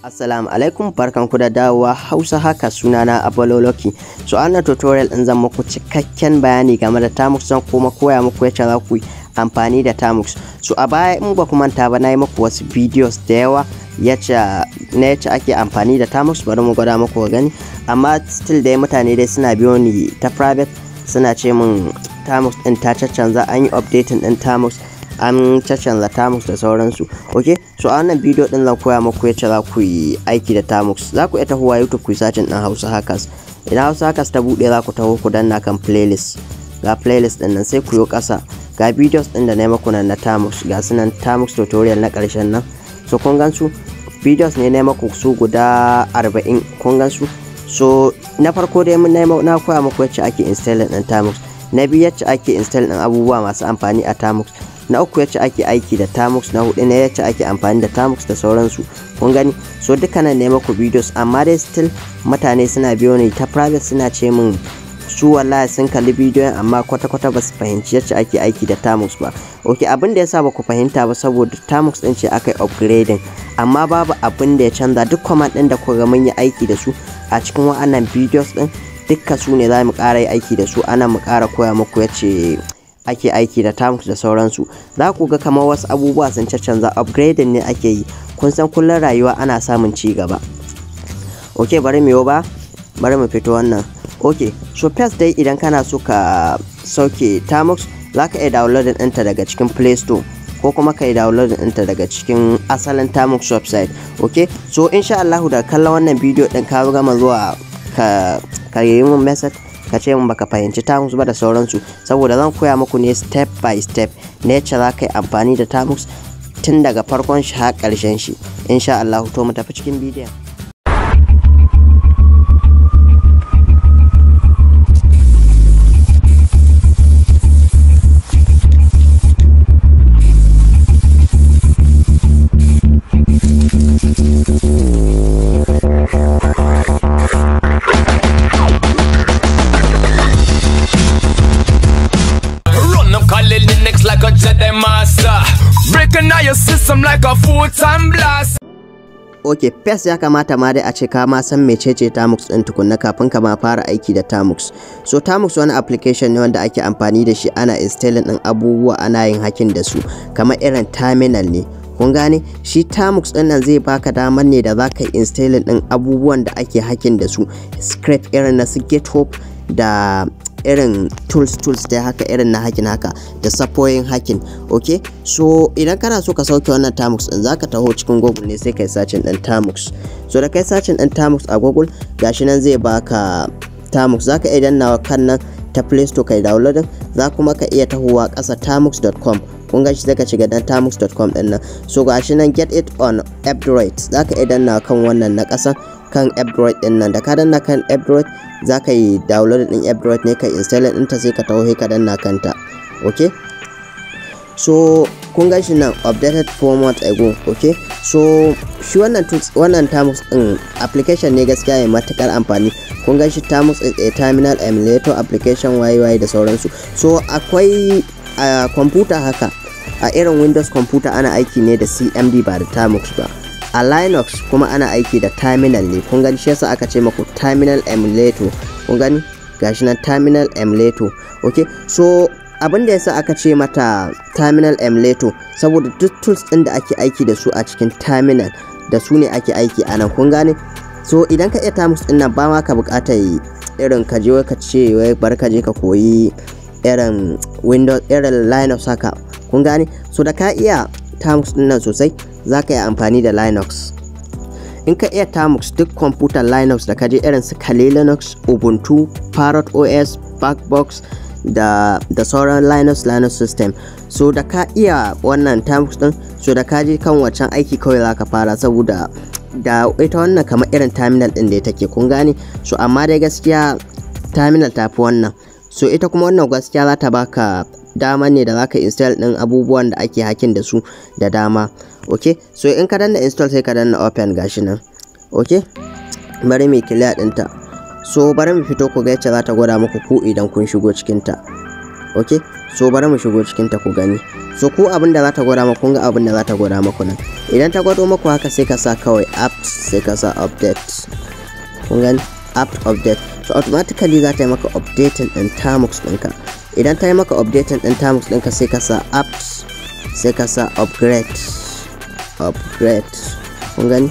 Assalamu alaikum barkanku da dawowa Hausa haka sunana abololoki Loki. So ana tutorial in zan muku cikakken bayani game da tamusan san kuma koya muku yadda za ku yi amfani da tamux su a baya in ba ku manta ba na yi muku wasu videos da yawa yace na yace ake amfani da tamux bari mu gwada muku gani amma still dai mutane dai suna biyo ni ta private suna ce min tamux din ta caccanza an yi updating din tamux an caccanza tamux da sauransu ok so a wannan bidiyo din zan koya muku yace za ku yi aiki da tamux za ku iya huwa youtube ku yi sacin din hausa hackers idan hausa hackers ta buɗe za ku taho ku danna kan playlist ga playlist din nan sai ku yi kasa ga videos din da na maku nan na tamus ga sunan tamus tutorial na karshen nan so kun su videos ne na maku su guda 40 kun gan su? so na farko dai mun na koya muku yacce ake install din tamus na biyu yacce ake install din abubuwa masu amfani a tamus na uku yacce ake aiki da Tamus na hudu ne yacce ake amfani da Tamus da sauransu kun gani so dukkanan ne maku videos amma dai still mutane suna biyo ne ta private suna ce min su wallahi sun kalli bidiyon amma kwata-kwata ba su fahimci yacce ake aiki da tamux ba ok abin da ya sa ba ku fahimta ba saboda tamux din ce aka yi upgrading amma babu abin da ya canza duk command din da kuka mun yi aiki da su a cikin wa'annan videos din dukka su ne za mu ƙara yi aiki da su ana mu ƙara koya muku yace ake aiki da tamux da sauransu za ku ga kamar wasu abubuwa sun canza upgrading ne ake yi kun san kullum rayuwa ana samun ci gaba ok bari mu yi ba bari mu fito wannan okay so first day idan kana so ka sauke tamux za ka iya downloading ɗinta daga cikin play store ko kuma ka yi downloading ɗinta daga cikin asalin tamux website okay so insha Allahu da kallon wannan bidiyo ɗin ka gama zuwa ka ka yi mun message ka ce mun baka fahimci tamux ba da sauransu saboda zan koya muku ne step by step ne ce za ka yi amfani da tamux tun daga farkon shi har ƙarshen shi insha Allahu to mu tafi cikin bidiyon some like a full-time blast. ok pes ya kamata ma dai a ce ka ma san mecece tamux din tukunna kafin ka ma fara aiki da tamux so tamux wani application ne wanda ake amfani da shi ana installing din abubuwa ana yin hakin da su kamar irin terminal ne kun gane shi tamux din nan zai baka damar ne da zaka installing din abubuwan da ake hakin da su script irin na su github da irin tools tools da haka irin na hakin haka da sapoyin hakin ok so idan kana so ka sauke wannan tamux din zaka taho cikin google ne sai kai sachin din tamux so da kai sachin din tamux a google gashi nan zai baka tamux zaka iya dannawa kan nan ta play store kai downloading za kuma ka iya tahowa kasa tamux.com kun gashi zaka shiga dan tamux.com din nan so gashi nan get it on app droid zaka iya dannawa kan wannan na kasa. kan android din nan da ka danna kan android za ka yi download din android ne ka install ta sai ka taho ka danna kanta ok so kun ga shi nan updated format ago ok so shi wannan wannan terms din application ne gaskiya mai matukar amfani kun ga shi terms is a eh, terminal emulator application yy da sauransu so akwai a ah, computer haka a irin windows computer ana aiki ne da cmd ba da tamus ba a linux kuma ana aiki da terminal ne kun gani shi yasa aka ce maku terminal emulator kun gani gashi nan terminal emulator okay so abin da yasa aka ce mata terminal emulator saboda duk tools din da ake aiki da su a cikin terminal da su ne ake aiki a nan kun gane so idan ka iya tamus din nan ba ma ka bukata irin ka je ka ce wai bar ka je ka koyi irin windows irin linux haka kun gane so da ka iya tamus din nan sosai za ka yi amfani da linux in ka iya tamux duk kwamfutar linux da kaji irin su kali linux ubuntu parrot os backbox da, da sauran linux linux system so da ka iya wannan tamux din so da ka kan wancan aiki kawai za ka fara saboda da ita wannan kamar irin terminal din da take kun gane so amma dai gaskiya terminal tafi wannan so ita kuma wannan gaskiya za ta baka dama ne da za ka install din abubuwan da ake hakin da su da dama ok so in ka danna install sai ka danna open gashi nan ok bari mu clear dinta so bari mu fito ku ga yacce za ta gwada muku ku idan kun shigo cikinta ok so bari mu shigo cikinta ku gani so ku abin da za ta gwada muku ga abin da za ta gwada muku nan idan ta gwado muku haka sai ka sa kawai apps sai ka sa update kun gani app update so automatically za ta yi maka updating din tamux ɗinka idan ta yi maka updating din tamux ɗinka sai ka sa apps sai ka sa upgrade upgrade kun gani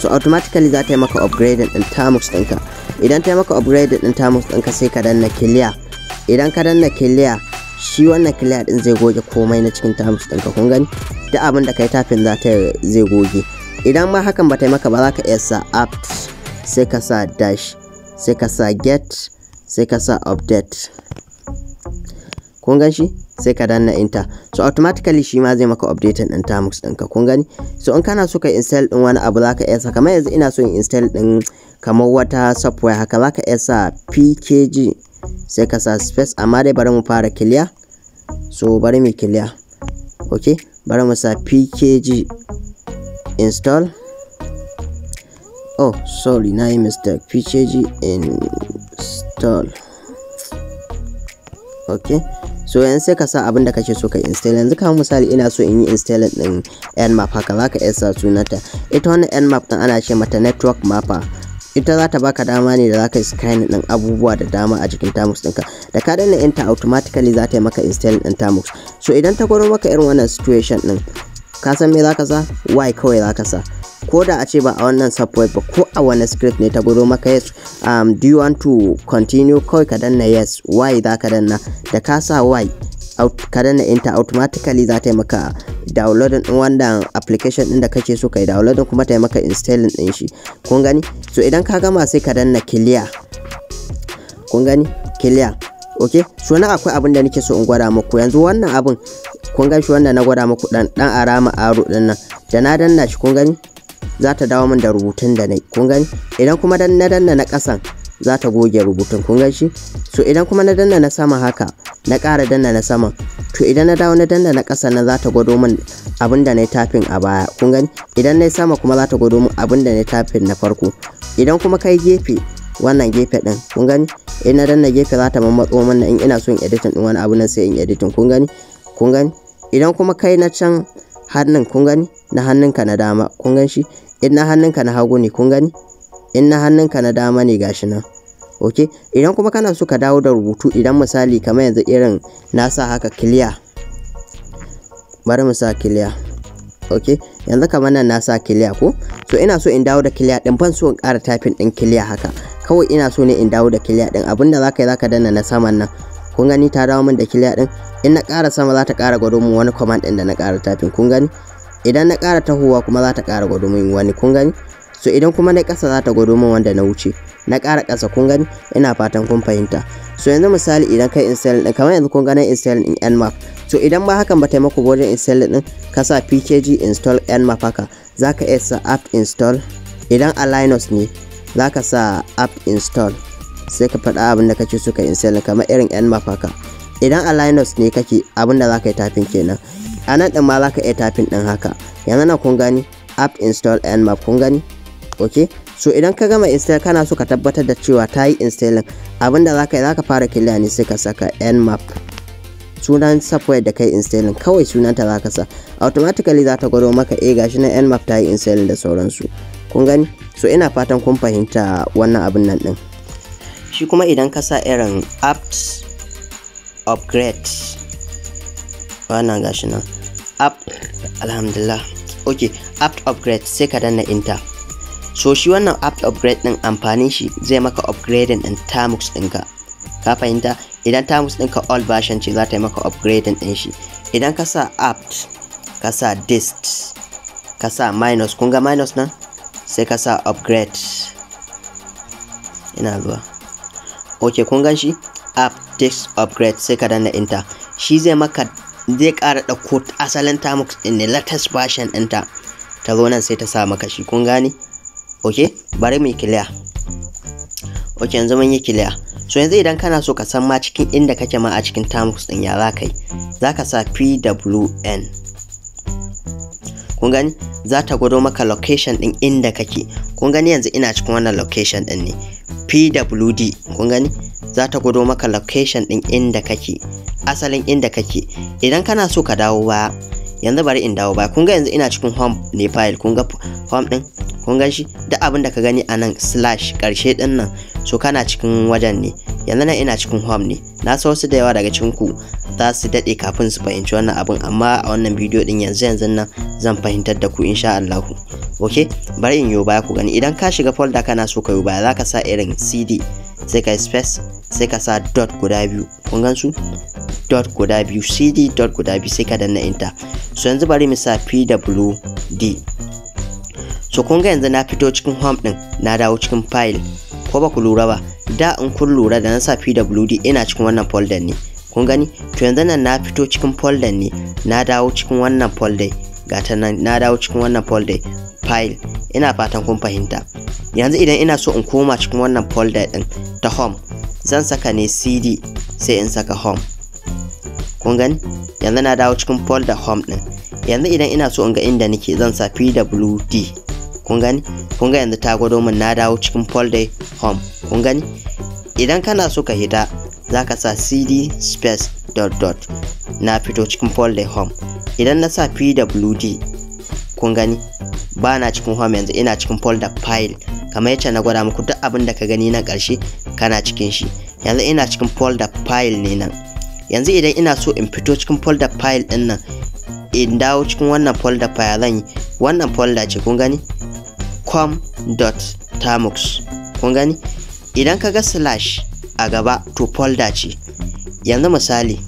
so automatically za ta yi maka upgrading din tamus ɗinka idan ta yi maka upgrading din tamus ɗinka sai ka danna clear idan ka danna clear shi wannan clear din zai goge komai na cikin tamus ɗinka kun gani duk abin da kai tafin za ta zai goge idan ma hakan ba ta yi maka ba za ka iya sa apt sai ka sa dash sai ka sa get sai ka sa update kun gan shi sai ka danna enter so automatically shi ma zai maka updating din tamux ɗinka kun gani so in kana so ka install din wani abu zaka iya sa kamar yanzu ina so in install din kamar wata software haka zaka iya sa pkg sai ka sa space amma dai bari mu fara clear so bari mu clear okay bari mu sa pkg install oh sorry na yi mistake pkg install okay so yan sai ka sa abin da kake so ka install yanzu kamar misali ina so in yi install din map haka za ka sa sunanta ita wannan map din ana ce mata network mapper ita za ta baka dama ne da za ka scan din abubuwa da dama a cikin tamus ɗinka da ka danna inta automatically za ta yi maka install din tamus so idan ta gwado maka irin wannan situation din ka san me za ka sa why kawai za ka sa ko da a ce ba a wannan software ba ko a wani script ne ta budo maka yes um, do you want to continue kawai ka danna yes why za ka danna da ka sa why ka danna enter automatically za ta yi maka downloading din wannan application din da kake so kai downloading kuma ta yi maka installing din shi kun gani so idan ka gama sai ka danna clear kun gani clear okay so na akwai abin da nake so in gwada muku yanzu wannan abin kun gani shi wannan na gwada muku dan dan arama aro din nan da na danna shi kun gani za ta dawo min da rubutun da na kun gani idan kuma dan na danna na kasan za ta goge rubutun kun gan shi so idan kuma na danna na sama haka na ƙara danna na saman to idan na dawo na danna na ƙasa nan za ta gwado min abin da na yi tafin a baya kun gani idan na yi sama kuma za ta gwado min abin da na yi tafin na farko idan kuma kai gefe wannan gefe din kun gani idan na danna gefe za ta mammatso min in ina son editin din wani abu nan sai in editin kun gani kun gani idan kuma kai na can hannun kun gani na hannunka na dama kun gan shi in na hannunka na hagu ne kun gani in na hannunka na dama ne gashi nan ok idan kuma kana so ka dawo da rubutu idan misali kamar yanzu irin na sa haka clear bari mu sa clear ok yanzu kamar nan na sa clear ko so ina so in dawo da clear din ban so in ƙara typing din clear haka kawai ina so ne in dawo da clear din abinda zaka yi zaka danna na saman nan kun gani ta dawo min da clear din in na ƙara sama za ta ƙara gwado mu wani command din da na ƙara typing kun gani idan na ƙara tahowa kuma za ta ƙara gwado min wani kun gani so idan kuma na ƙasa za ta gwado min wanda na wuce na ƙara ƙasa kun gani ina fatan kun fahimta so yanzu misali idan kai install din kamar yanzu kun gani install din nmap so idan ba hakan ba taimako wajen install din ka sa pkg install nmap haka zaka iya sa app install idan a linux ne zaka sa app install sai ka faɗa abin da kake so ka install kamar irin nmap haka idan a linux ne kake abin da zaka yi tafin kenan a nan ɗin ma za ka iya tafin ɗin haka yanzu na kun gani app install and map kun gani ok so idan ka gama install kana so ka tabbatar da cewa ta yi installing abinda za ka yi za ka fara killa ne sai ka saka nmap sunan software da kai installing kawai sunanta za ka sa automatically za ta gwado maka eh gashi na nmap ta yi installing da sauransu kun gani so ina fatan kun fahimta wannan abin nan din shi kuma idan ka sa irin apt upgrade wannan gashi nan app alhamdulillah ok app upgrade sai ka danna enter so shi wannan app upgrade din amfanin shi zai maka upgrading din tamux ɗinka ka fahimta idan tamux ɗinka all version ce za ta yi maka upgrading din shi idan ka sa app ka sa dist ka sa minus kun ga minus nan sai ka sa upgrade ina zuwa ok kun gan shi app text upgrade sai ka danna enter shi zai maka zai ƙara ɗauko asalin tamux ɗin ne latest version ɗinta ta zo nan sai ta sa maka kun gane ok bari mu yi clear ok yanzu mun yi clear so yanzu idan kana so ka san ma cikin inda kake ma a cikin tamux ɗin ya za ka yi za ka sa pwn kun gani za ta gwado maka location din inda kake kun gani yanzu ina cikin wannan location din ne pwd kun gani za ta gwado maka location din inda kake asalin inda kake idan kana so ka dawo baya yanzu bari in dawo ba kunga yanzu ina cikin home ne file kun ga home din kun gan shi duk abin da ka gani a nan slash karshe din nan so kana cikin wajen ne yanzu nan ina cikin home ne na san wasu da yawa daga cikin ku za su dade kafin su fahimci wannan abin amma a wannan bidiyo din yanzu yanzu nan zan fahimtar da ku insha Allah ok bari in yi baya ku gani idan ka shiga folder kana so ka yi baya za ka sa irin cd sai ka space sai ka sa dot guda biyu kun gan su dot guda biyu cd dot guda biyu sai ka danna enter so yanzu bari mu sa pwd so kun ga yanzu na fito cikin home din na dawo cikin file ko ba ku lura ba da in kun lura da na sa pwd ina cikin wannan folder ne kun gani to yanzu nan na fito cikin folder ne na dawo cikin wannan folder gata nan na dawo cikin wannan folder file ina fatan kun fahimta yanzu idan ina so in koma cikin wannan folder din ta home zan saka ne cd sai in saka home kun gani yanzu na dawo cikin folder home din yanzu idan ina so in ga inda nake zan sa pwd kun gani kun ga yanzu ta gwado min na dawo cikin folder home kun gani idan kana so ka hita zaka sa cd space dot dot na fito cikin folder home idan na sa pwd kun gani ba na cikin home yanzu ina cikin folder file kamar yacce na gwada muku duk abin da ka gani na ƙarshe kana cikin shi yanzu ina cikin folder file ne nan yanzu idan ina so in fito cikin folder file din nan in dawo cikin wannan folder file zan yi wannan folder ce kun gani com.tamux kun gani idan ka ga slash a gaba to folder ce yanzu misali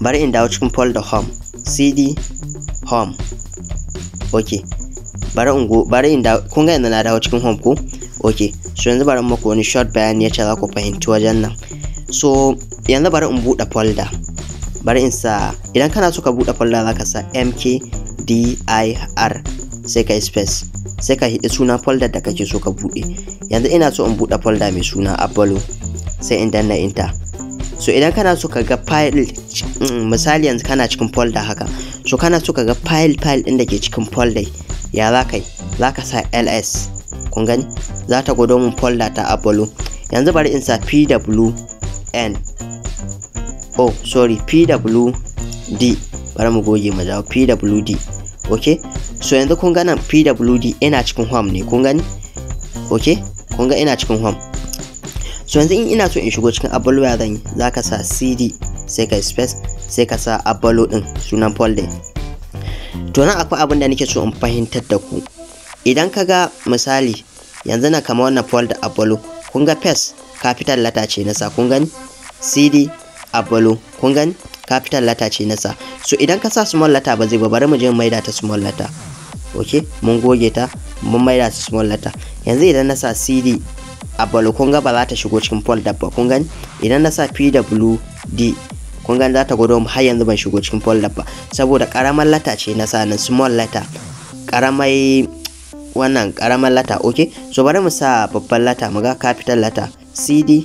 bari in dawo cikin folder home cd home ok bari in go bari in dawo kun ga yanzu na dawo cikin home ko ok so yanzu bari muku wani short bayani ce za ku fahimci wajen nan so yanzu bari in buɗe folder bari in sa idan kana so ka buɗe folder zaka sa mkdir sai ka space sai ka hidi sunan folder da kake so ka buɗe yanzu ina so in buɗe folder mai suna apollo sai in danna enter so idan kana so ka ga file mm, misali yanzu kana cikin folder haka so kana so ka ga file file ɗin da ke cikin folder ya za ka yi za ka sa ls kun gani za ta gwado mun folder ta apollo yanzu bari in sa pwn oh sorry pwd bari mu goge mu pwd ok so yanzu kun ganan pwd ina cikin home ne kun gani ok kun ga ina cikin home so yanzu in ina so in shigo cikin abalo ya zan yi za ka sa cd sai ka space sai ka sa abalo din sunan folder to nan akwai abin da nake so in fahimtar da ku idan ka ga misali yanzu na kama wannan folder abalo kun ga paste capital letter ce na sa kun gani cd abalo kun gan capital letter ce nasa so idan ka sa small letter ba zai ba bari mu je maida ta small letter okay mun goge ta mun maida ta small letter yanzu idan na sa cd abalo kun ga ba za ta shigo cikin folder ba kun gan idan na sa pwd kun gan za ta gwado mu har yanzu ban shigo cikin folder ba saboda karamar letter ce na nan small letter karamai wannan karamar letter okay so bari mu sa babban letter mu ga capital letter cd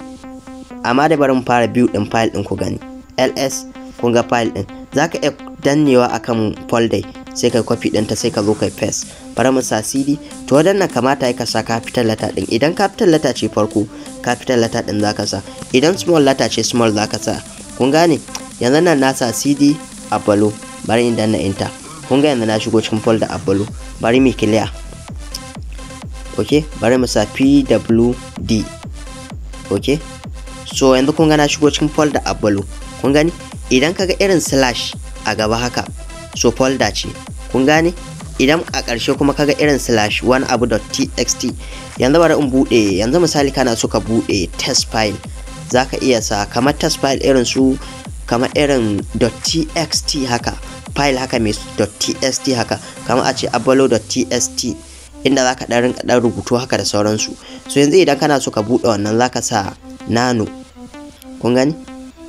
amma da bari mu fara biyu din file din ku gani ls kun ga file din zaka iya dannewa akan folder sai kai copy ta sai ka zo kai paste bari mu sa cd to wadannan kamata ka sa capital letter din idan capital letter ce farko capital letter din zaka sa idan small letter ce small zaka sa kun gane yanzu nan na sa cd a balo bari in danna enter kun ga yanzu na shigo cikin folder balo bari mu clear ok bari mu sa pwd ok so yanzu kun na shigo cikin folder balo kun gani idan kaga irin slash a gaba haka so folder ce kun gani idan a ƙarshe kuma kaga irin slash one abu.txt yanzu bari in buɗe yanzu misali kana so ka buɗe test file zaka iya sa kamar test file irin su kamar irin .txt haka file haka mai .txt haka kamar a ce abalo.txt inda zaka ka ɗan rubutu haka da sauransu so yanzu idan kana so ka buɗe wannan zaka sa nano kun gani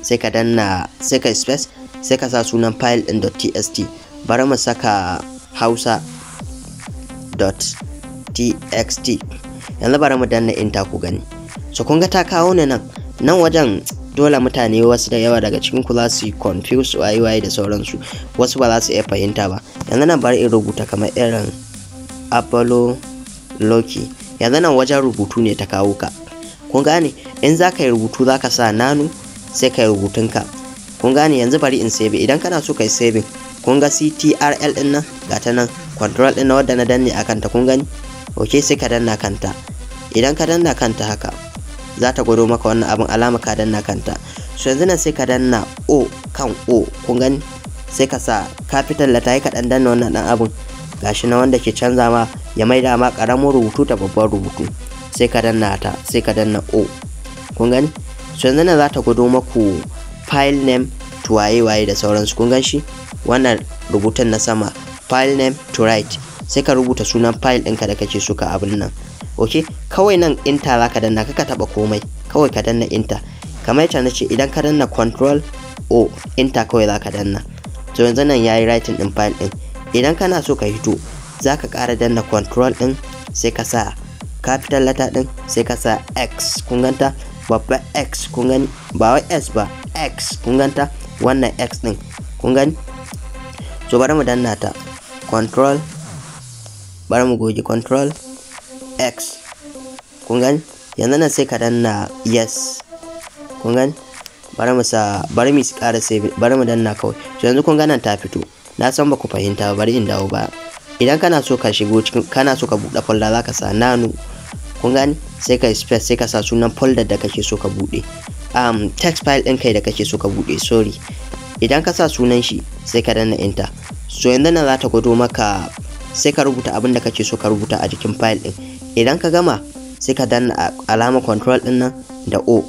sai ka danna sai ka space sai ka sa sunan file din .txt bari mu saka hausa.txt yanzu bari mu danna enter ku gani so kun ga ta kawo ni nan nan wajen dole mutane wasu da yawa daga cikin ku za su confuse confuse wayewaye da sauransu wasu ba za su iya fahimta ba yanzu nan bari in rubuta kamar irin apollo loki yanzu nan wajen rubutu ne ta kawo ka kun gane in za ka yi rubutu za ka sa nanu sai ka yi rubutunka kun gane yanzu bari in save idan kana so ka yi saving kun ga ctrl din nan ga ta nan control din na wadda na danne a kanta kun gani ok sai ka danna kanta idan ka danna kanta haka za ta gwado maka wannan abin alama ka danna kanta so yanzu nan sai ka danna o kan o kun gani sai ka sa capital letter yi ka dan danna wannan dan abin gashi na wanda ke canza ma ya maida ma ƙaramin rubutu ta babban rubutu sai ka danna ta sai ka danna o kun gani so yanzu nan za ta gudu maku file name to waye da sauransu kun gan shi wannan rubutun na sama file name to write sai ka rubuta sunan file ɗinka da kake so ka abin nan ok kawai nan inta za ka danna kaka taba komai kawai ka danna inta kamar yadda na ce idan ka danna control o inta kawai za ka danna to yanzu nan yayi writing ɗin file ɗin idan kana so ka hito za ka ƙara danna control ɗin sai ka sa capital letter din sai ka sa x kun ganta babba x kun gani ba wai s ba x kun ganta wannan x din kun gani so bari mu danna ta control bari mu goge control x kun gani yanzu nan sai ka danna yes kun gani bari mu sa bari mu ƙara sai bari mu danna kawai to yanzu kun ganan nan ta fito na san ba ku fahimta bari in dawo ba idan kana so ka shigo cikin kana so ka buɗe folder zaka sa nano kun gani sai ka space sai ka sa sunan folder da kake so ka buɗe um, text file din kai da kake so ka buɗe sorry idan ka sa sunan shi sai ka danna enter so yanzu nan za ta gwado maka sai ka rubuta abin da kake so ka rubuta a jikin file ɗin idan ka gama sai ka danna alama control ɗin nan da o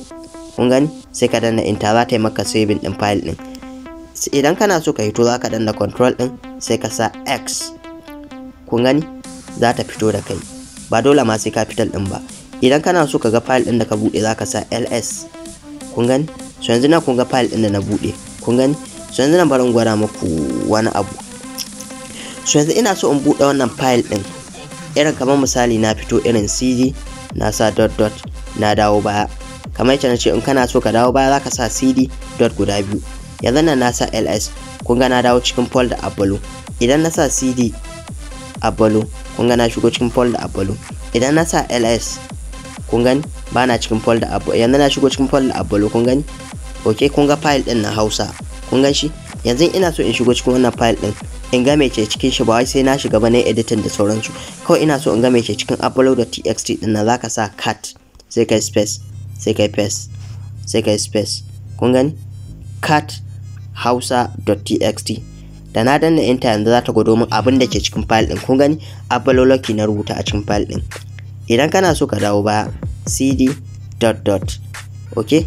kun gani sai ka danna enter za ta yi maka saving ɗin file ɗin idan kana so ka hito za ka danna control ɗin sai ka sa x kun gani za ta fito da kai ba dole ma sai capital din ba idan kana so ka ga file din da ka buɗe za ka sa ls kun gani so yanzu na kun ga file din da na buɗe kun gani so yanzu na barin gwada muku wani abu so yanzu ina so in buɗe wannan file ɗin irin kamar misali na fito irin cd na sa dot dot na dawo baya kamar yadda na ce in kana so ka dawo baya za ka sa cd dot guda biyu yanzu nan na sa ls kun ga na dawo cikin folder a idan na sa cd abalo kun na shigo cikin folder abalo idan na sa ls kun gani ba na cikin folder abalo yanzu na shigo cikin folder abalo kun gani ok kun ga file din na hausa kun gan shi yanzu ina so in shigo cikin wannan file din in ga mece cikin shi ba wai sai na shiga ba na editing da sauransu kawai ina so in ga mece cikin upload.txt din na zaka sa cat sai kai space sai kai paste sai kai space kun gani cat hausa.txt da na danna enter yanzu za ta gwado min abin da ke cikin file din kun gani na rubuta a cikin file din idan kana so ka dawo ba cd dot dot ok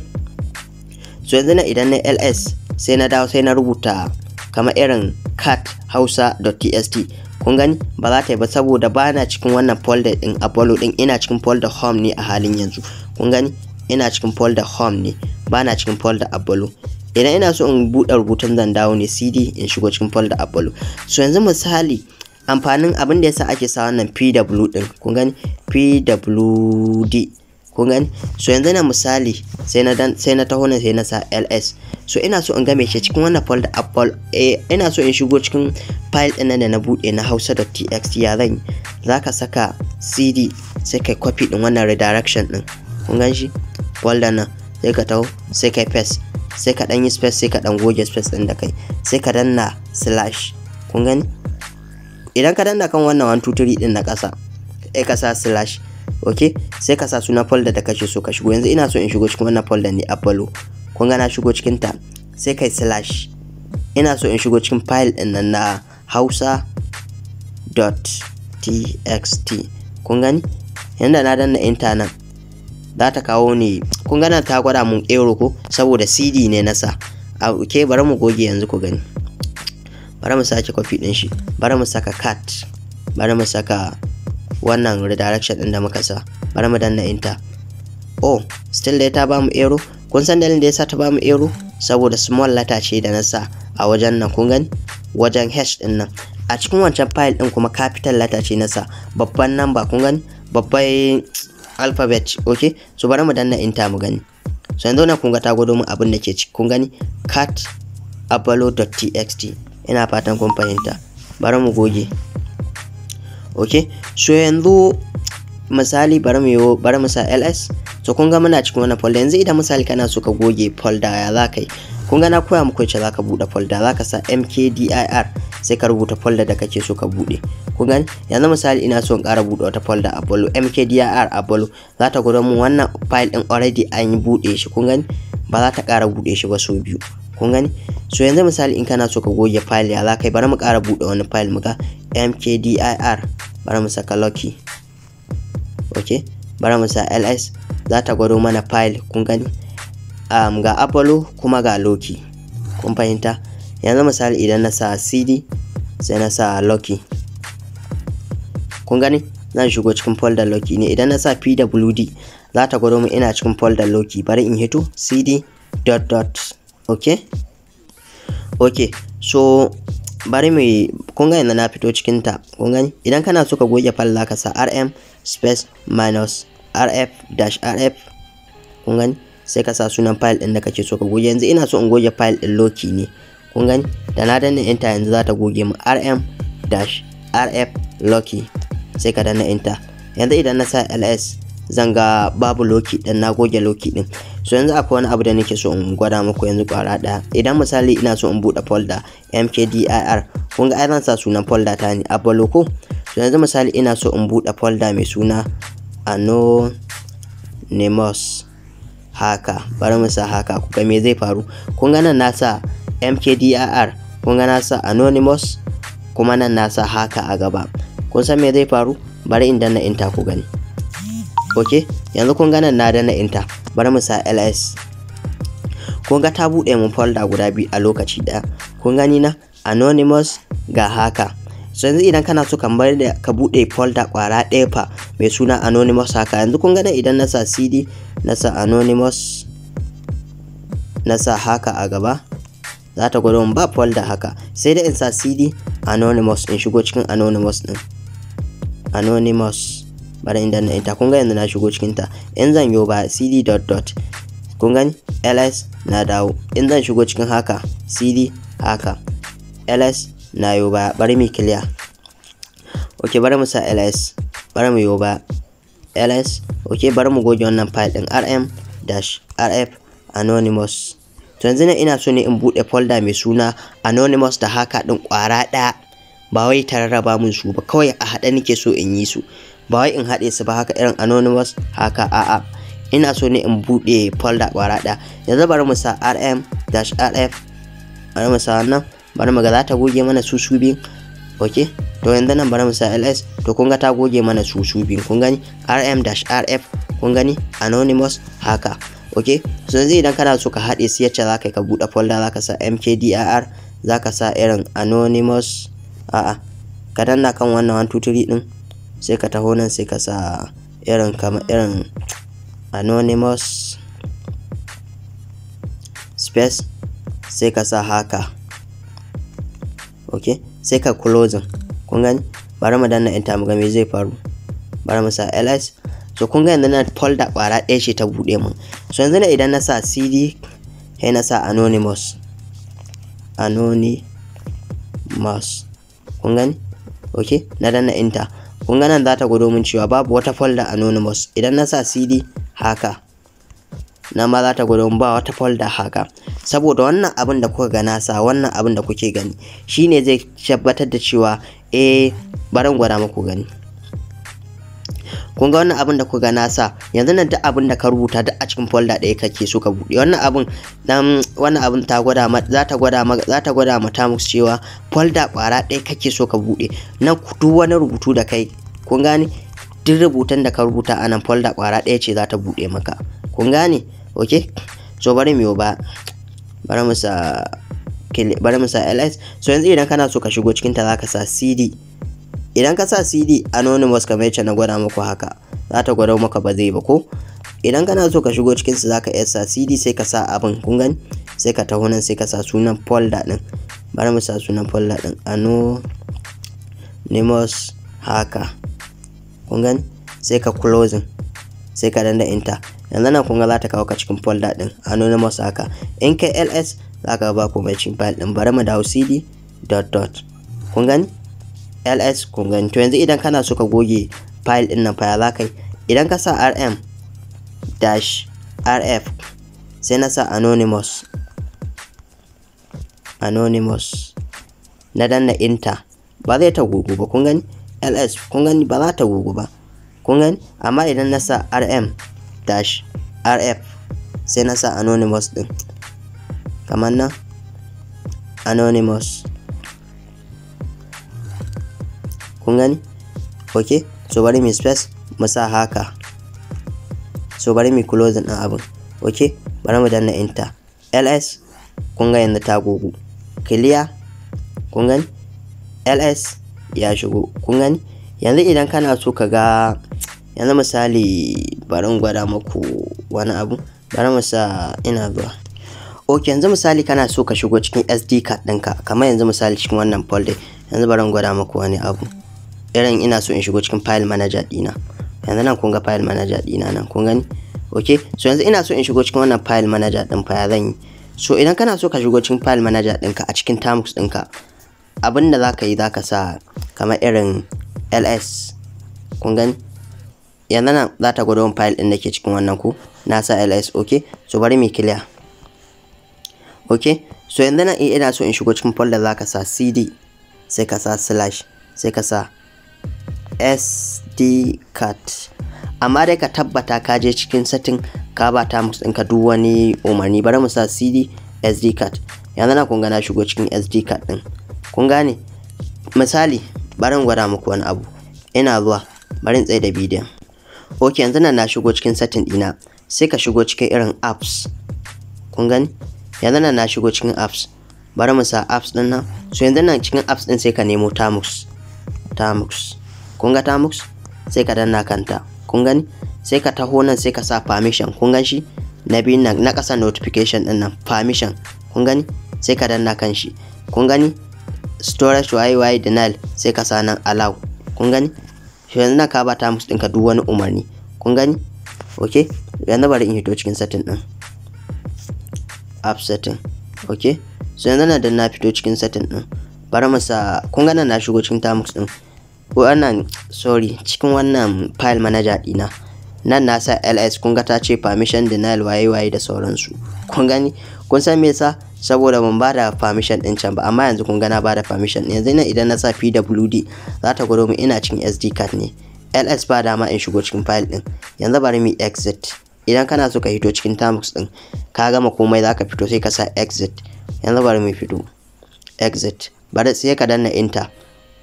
so yanzu na idan na ls sai na dawo sai na rubuta kamar irin cat hausa.tst kun gani ba za ta yi ba saboda ba na cikin wannan folder din apollo din ina cikin folder home ne a halin yanzu kun gani ina cikin folder home ne ba na cikin folder apollo idan ina so in buɗe rubutun zan dawo ne cd in shigo cikin folder apollo so yanzu misali amfanin abin da yasa ake sa wannan pw din kun gani pwd kun gani so yanzu na misali sai na dan sai na taho sai na sa ls so ina so in game shi cikin wannan folder apple eh ina so in shigo cikin file din da na buɗe na hausa.txt ya zan zaka saka cd sai kai copy din wannan redirection din kun gan shi folder nan sai ka taho sai kai paste sai ka dan yi space sai ka dan goge space din da kai sai ka danna slash kun gani idan ka danna kan wannan 3 din na ƙasa sai ka sa slash ok sai ka sa suna folder da kake so ka shigo yanzu ina so in shigo cikin wannan folder ne apollo kun ga na shigo cikin ta sai kai slash ina so in shigo cikin file din nan na hausa.txt kun gani yanda na danna internet za ta kawo ne kun gana ta gwada mun euro ko saboda cd ne na A ke bari mu goge yanzu ku gani bari mu sake kwafi din shi bari mu saka cut bari mu saka wannan redirection din da muka sa bari mu danna enter oh still dai ta bamu euro kun san dalilin da yasa ta bamu euro saboda small letter ce da na sa a wajen nan kun gani wajen h din nan a cikin wancan file din kuma capital letter ce sa. babban number kun gani babban alphabet Ok, so bari mu danna enter mu gani so yanzu na kun ga ta gwado mu abin da ke ciki kun gani cat apollo.txt ina fatan kun fahimta bari mu goge Ok so yanzu misali bari mu yo bari mu sa ls so kun ga muna cikin wannan folder yanzu idan misali kana so ka goge folder ya za ka yi kun ga na koya muku yace za ka buɗe folder za ka sa mkdir sai ka rubuta folder da kake so ka bude kun gani yanzu misali ina so in ƙara bude wata folder apollo mkdir apollo za ta gudan mu wannan file din already an yi bude shi kun gani ba za ta ƙara bude shi ba so biyu kun gani so yanzu misali in kana so ka goge file ya za ka yi bari mu ƙara bude wani file muka mkdir bari mu saka lucky okay bari mu sa ls za ta gwado mana file kun gani um, ga apollo kuma ga loki kun fahimta yanzu misali idan na sa cd sai na sa lucky kun gani zan shigo cikin folder loki ne idan na sa pwd za ta gwado mu ina cikin folder loki bari in hito cd dot dot ok ok so bari mu kun gani na fito cikin ta kun gani idan kana so ka goge file zaka sa rm space minus rf dash rf kun gani sai ka sa sunan file din da kake so ka goge yanzu ina so in goge file din loki ne kun gani da na danna enter yanzu za ta goge mu rm dash rf loki sai ka danna enter yanzu idan na sa ls zan ga babu loki din na goge loki din so yanzu akwai wani abu da nake so in gwada muku yanzu kwara daya idan misali ina so in bude folder mkdir kun ga zan sa sunan folder ta ne Abba ko so yanzu misali ina so in bude folder mai suna Ano nemos haka bari mu sa haka kuka me zai faru kun ga nan na sa mkdir kun ga nasa anonymous kuma nan nasa haka a gaba kun san me zai faru bari in danna inta ku gani ok yanzu kun nan na danna inta bari mu sa ls kun ga ta buɗe mun folda guda biyu a lokaci ɗaya kun gani na anonymous ga haka so yanzu idan kana so kamar da ka buɗe folda ƙwara ɗaya fa mai suna anonymous haka yanzu kun na idan na sa cd na sa anonymous na sa haka a gaba za ta gwada ba folder haka sai da in sa cd anonymous in shigo cikin anonymous din anonymous bari inda na ita kun ga yanzu na shigo cikin ta in zan yo ba cd dot dot kun gani ls na dawo in zan shigo cikin haka cd haka ls na yo ba bari mi clear ok bari mu sa ls bari mu yo ba ls ok bari mu goge wannan file din rm dash rf anonymous yanzu ne ina so ne in bude folder mai suna anonymous da haka din kwara daya ba wai tararraba mun su ba kawai a hada nake so in yi su ba wai in hade su ba haka irin anonymous haka a'a ina so ne in bude folder kwara daya yanzu bari mu sa rm dash rf bari mu sa wannan bari mu ga za ta goge mana su su biyu ok to yanzu nan bari mu sa ls to kun ga ta goge mana su su biyu kun gani rm dash rf kun gani anonymous haka ok so yanzu idan kana so ka haɗe su yacce za ka ka buɗe folder za ka sa mkdir za ka sa irin anonymous a'a ka danna kan wannan 123 din sai ka taho nan sai ka sa irin kama irin anonymous space sai ka sa haka ok sai ka closing kun gani bari mu danna enter mu ga me zai faru bari mu sa ls so kun ga yanzu na folda kwara ɗaya ce ta buɗe mu so yanzu na idan na sa cd sai na sa anonymous anonymous kun gani ok na danna enter kun ga nan za ta gudu min cewa babu wata folder anonymous idan na sa cd haka na ma za ta gwado ba wata folder haka saboda wannan abin da kuka gana sa wannan abin da kuke gani shine zai tabbatar da cewa eh barin gwada muku gani kun ga wannan abin da kuka sa yanzu nan duk abin da ka rubuta duk a cikin folder ɗaya kake so ka buɗe wannan abin dan wannan abin ta gwada ma za ta gwada ma za ta gwada ma ta muku cewa folder ƙwara ɗaya kake so ka buɗe na duk wani rubutu da kai kun gane duk rubutan da ka rubuta a nan folder ƙwara ɗaya ce za ta buɗe maka kun gane ok so bari mu ba bari mu sa bari mu sa ls so yanzu idan kana so ka shigo cikin ta zaka sa cd idan ka sa cd anonymous kamar yacce na gwada muku haka za ta gwada maka ba zai ba ko idan kana so ka shigo cikin su zaka iya sa cd sai ka sa abin kun gani sai ka taho nan sai ka sa sunan folder din bari mu sa sunan folder din anonymous haka kun gani sai ka closing sai ka danda enter yanzu nan kun ga za ta kawo ka cikin folder din anonymous haka in ka ls za ka ba komai cikin file din bari mu dawo cd dot dot kun gani ls kun gani to yanzu idan kana so ka goge file din nan fa za kai idan ka sa rm dash rf sai na sa anonymous anonymous na danna enter ba zai ta gugu ba kun gani ls kun gani ba za ta gugu ba kun gani amma idan na sa rm dash rf sai na sa anonymous din kamar nan anonymous kun gani ok so bari mi space mu sa haka so bari mi close din abin ok bari mu danna enter ls kun ga yanzu ta gogu clear kun gani ls ya shigo kun gani yanzu idan kana so ka ga yanzu misali bari mu gwada muku wani abu bari mu sa ina zuwa ok yanzu misali kana so ka shigo cikin sd card ɗinka kamar yanzu misali cikin wannan folder yanzu bari mu gwada muku wani abu irin ina so in shigo cikin file manager dina yanzu nan kun ga file manager dina nan kun gani okay so yanzu ina so in shigo cikin wannan file manager din fa ya zan yi so idan kana so ka shigo cikin file manager ɗinka a cikin tamux ɗinka abin da za ka yi za ka sa kamar irin ls kun gani yanzu nan za ta gwada wani file ɗin da ke cikin wannan ku na sa ls okay so bari mu clear okay so yanzu nan ina so in shigo cikin folder za ka sa cd sai ka sa slash sai ka sa sd card amma dai ka tabbata ka je cikin setting ka ba ta musu ɗinka duk wani umarni bari mu sa cd sd card yanzu na kun na shigo cikin sd card ɗin kun gane misali bari gwada muku wani abu ina zuwa bari in tsaye da bidiyon ok yanzu nan na shigo cikin setting ɗina sai ka shigo cikin irin apps kun gani yanzu nan na shigo cikin apps bari mu sa apps ɗin nan so yanzu nan cikin apps ɗin sai ka nemo tamux tamux kun ga tamux sai ka danna kanta kun gani sai ka taho nan sai ka sa permission kun gan shi na biyu nan na ƙasa notification din nan permission kun gani sai ka danna kan shi kun gani storage yy denial sai ka sa nan allow kun gani yanzu na ka ba tamux ɗinka duk wani umarni kun gani ok yanzu bari in hito cikin setting din app setting ok so yanzu na danna na fito cikin setting din bari mu sa kun ga nan na shigo cikin tamus din wannan sorry cikin wannan file manager dina nan na sa ls kun ga ta ce permission denial waye waye da sauransu kun gani kun san me yasa saboda ban ba da permission din can ba amma yanzu kun ga na ba da permission yanzu nan idan na sa pwd za ta gwado mu ina cikin sd card ne ls ba dama in shigo cikin file din yanzu bari mu exit idan kana so ka fito cikin tamux din ka gama komai za ka fito sai ka sa exit yanzu bari mu fito exit bari sai ka danna enter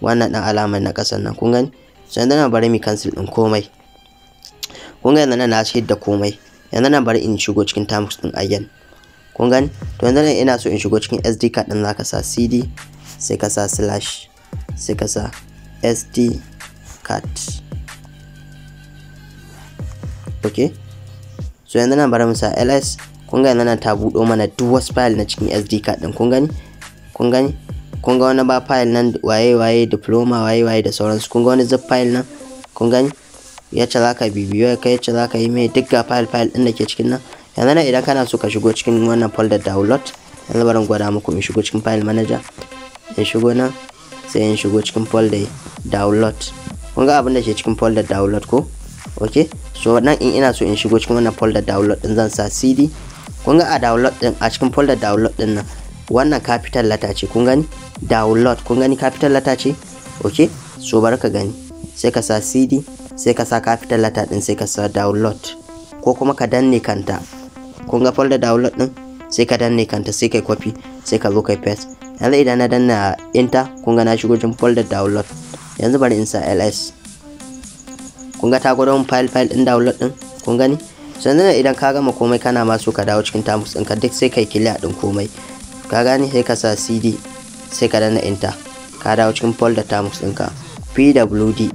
wannan ɗan alamar na ƙasar nan kun gani yanzu nan bari mi cancel ɗin komai kun ga yanzu nan na da komai yanzu nan bari in shigo cikin tamus ɗin ayyan kun gani to yanzu nan ina so in shigo cikin sd card ɗin zaka sa cd sai ka sa slash sai ka sa sd card ok so yanzu nan bari mu sa ls kun ga yanzu nan ta buɗo mana duk wasu file na cikin sd card ɗin kun gani kun gani kun ga wani ba file nan waye waye diploma waye waye da sauransu kun ga wani zip file nan kun gani yace za ka bibiyo ka ya za ka yi mai duk ga file file ɗin da ke cikin nan yanzu nan idan kana so ka shigo cikin wannan folder download yanzu bari gwada muku in shigo cikin file manager in shigo nan sai in shigo cikin folder download kun ga abin da ke cikin folder download ko ok so nan in ina so in shigo cikin wannan folder download din zan sa cd kun ga a download din a cikin folder download din nan wannan capital letter ce kun gani download kun gani capital letter ce ok so bar ka gani sai ka sa cd sai ka sa capital letter din sai ka sa download ko kuma ka danne kanta kun ga folder download din sai ka danne kanta sai kai copy sai ka zo kai paste yanzu idan na danna enter kun ga na shigo cikin folder download yanzu bari in sa ls kun ga ta gudun file file din download din kun gani sannan idan ka gama komai kana ma so ka dawo cikin tamus ɗinka duk sai kai clear din komai ka gane sai ka sa cd sai ka danna enter ka dawo cikin folder tamus ɗinka pwd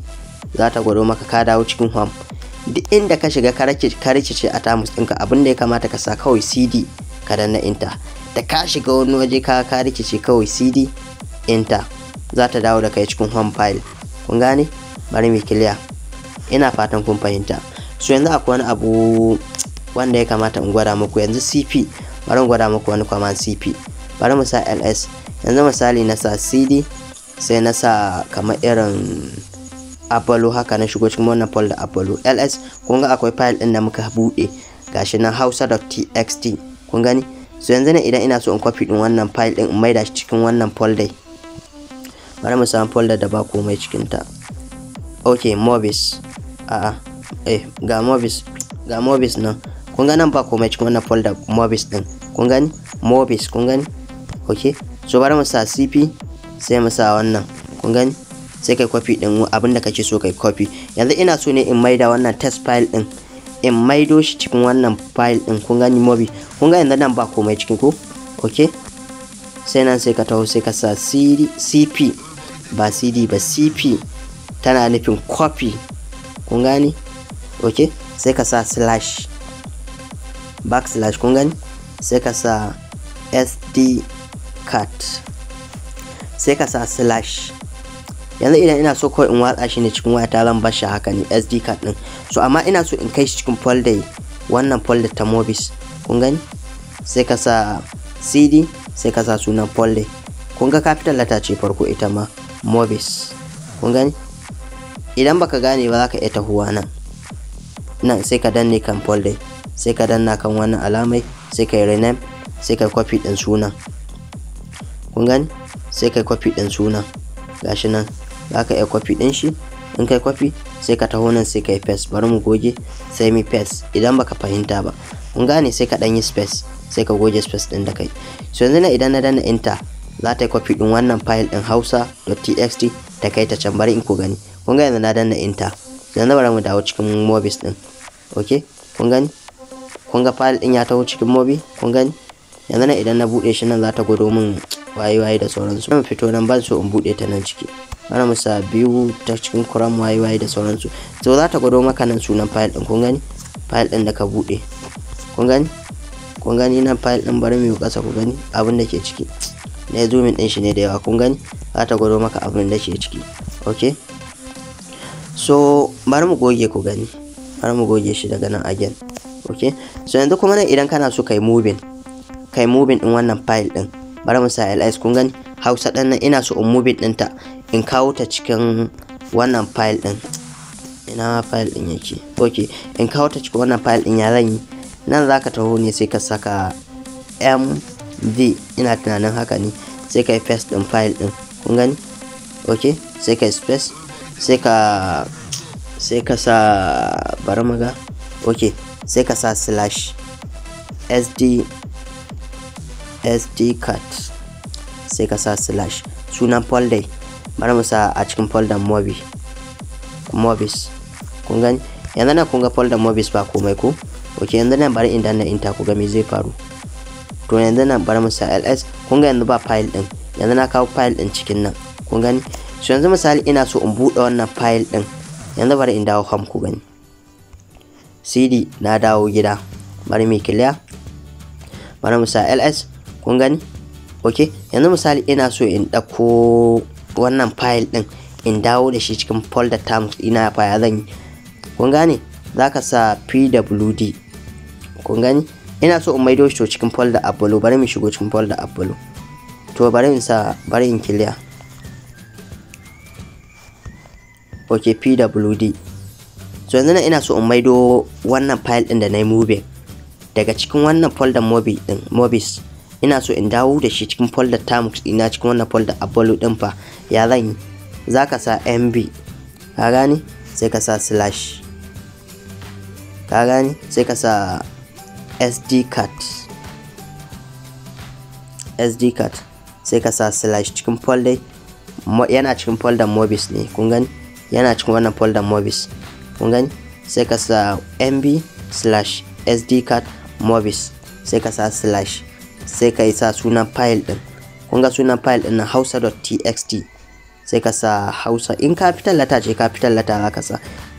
za ta gwado maka ka dawo cikin home duk inda ka shiga ka rikice a tamus ɗinka abin da ya kamata ka sa kawai cd ka danna enter da ka shiga wani waje ka ka rikice kawai cd enter za ta dawo da kai cikin home file kun gane bari mai kiliya ina fatan kun fahimta so yanzu akwai wani abu wanda ya kamata in gwada muku yanzu cp bari in gwada muku wani command cp bari mu sa ls yanzu misali na sa cd sai na sa kamar irin apollo haka na shigo cikin wannan folder apollo ls kun ga akwai file din da muka bude gashi nan hausa.txt kun gani so yanzu ne idan ina so in copy din wannan file din in maida shi cikin wannan folder bari mu samu folder da ba komai cikin ta okay mobis a'a eh ga mobis ga mobis nan kun ga nan ba komai cikin wannan folder mobis din kun gani mobis kun gani ok so bari mu sa cp sai mu sa wannan kun gani sai kai copy din abin da kake so kai copy yanzu ina so ne in maida wannan test file din in maido shi cikin wannan file din kun gani mobi kun ga yanzu nan ba komai cikin ko ok sai nan sai ka taho sai ka sa cp ba cd ba cp tana nufin copy kun gani ok sai ka sa slash backslash kun gani sai ka sa sd cut sai ka sa slash yanzu idan ina so kawai in watsa shi ne cikin wayata zan bar shi haka ne sd card din so amma ina so in kai shi cikin folder wannan folder ta mobis kun gani sai ka sa cd sai ka sa sunan folder kun ga capital letter ce farko ita ma mobis kun gani idan baka gane ba za ka iya tahuwa nan nan sai ka danne kan folder sai ka danna kan wannan alamai sai ka yi rename sai ka kwafi ɗin sunan kun gani sai kai kwafi ɗin sunan gashi nan za ka iya kwafi ɗin shi in kai kwafi sai ka taho nan sai ka yi paste bari mu goge sai mi paste idan baka fahimta ba kun gane sai ka ɗan yi space sai ka goge space ɗin da kai so yanzu na idan na danna enter za ta yi kwafi ɗin wannan file ɗin hausa.txt ta kai ta can bari in ku gani kun ga yanzu na danna enter yanzu bari mu dawo cikin mobis ɗin ok kun gani kun ga file ɗin ya taho cikin mobi kun gani yanzu na idan na buɗe shi nan za ta gwado min wayewaye da sauransu zan fito nan ban so in buɗe ta nan ciki ana musa biyu ta cikin kuram wayewaye da sauransu to za ta gwado maka nan sunan file ɗin kun gani file ɗin da ka buɗe kun gani kun gani nan file din bari mu kasa ku gani abin da ke ciki na ya zoomin ɗin shi ne da yawa kun gani za ta gwado maka abin da ke ciki okay so bari mu goge ku gani bari mu goge shi daga nan again okay so yanzu kuma nan idan kana so kai moving kai moving ɗin wannan file ɗin bari mu sa ls kun gani hausa din nan ina so in move ɗinta in kawo ta cikin wannan file din ina file din yake okay in kawo ta cikin wannan file din ya zan yi nan zaka taho ne sai ka saka mv ina tunanin haka ne sai ka paste din file din kun gani okay sai ka yi space sai ka sai ka sa bari ga okay sai ka sa slash sd sd card sai ka sa slash sunan folder bari mu sa a cikin folder mobi mobis kun gani yanzu na kun ga folder mobis ba komai ko ok yanzu nan bari inda nan inta ku ga me zai faru to yanzu nan bari mu sa ls kun ga yanzu ba file din yanzu na kawo file din cikin nan kun gani so yanzu misali ina so in bude wannan file din yanzu bari in dawo home ku gani cd na dawo gida bari mu clear bari mu sa ls kun gani ok yanzu misali ina so in ɗauko wannan file ɗin in dawo da shi cikin folder terms ina faya zan yi kun gane za ka sa pwd kun gani ina so in maido shi to cikin folder apollo bari mu shigo cikin folder apollo to bari in sa bari in clear ok pwd so yanzu ina so in maido wannan file ɗin da na yi moving daga cikin wannan folder mobis ina so in dawo da shi cikin folder tamux ina cikin wannan folder apollo din fa ya zan yi za ka sa mb ka gani sai ka sa slash ka gani sai ka sa sd card sd card sai ka sa slash cikin folder yana cikin folder mobis ne kun gani yana cikin wannan folder mobis kun gani sai ka sa mb slash sd card mobis sai ka sa slash sai ka yi sa sunan file din kun ga sunan file din na hausa.txt sai ka sa hausa in capital letter ce capital letter za ka sa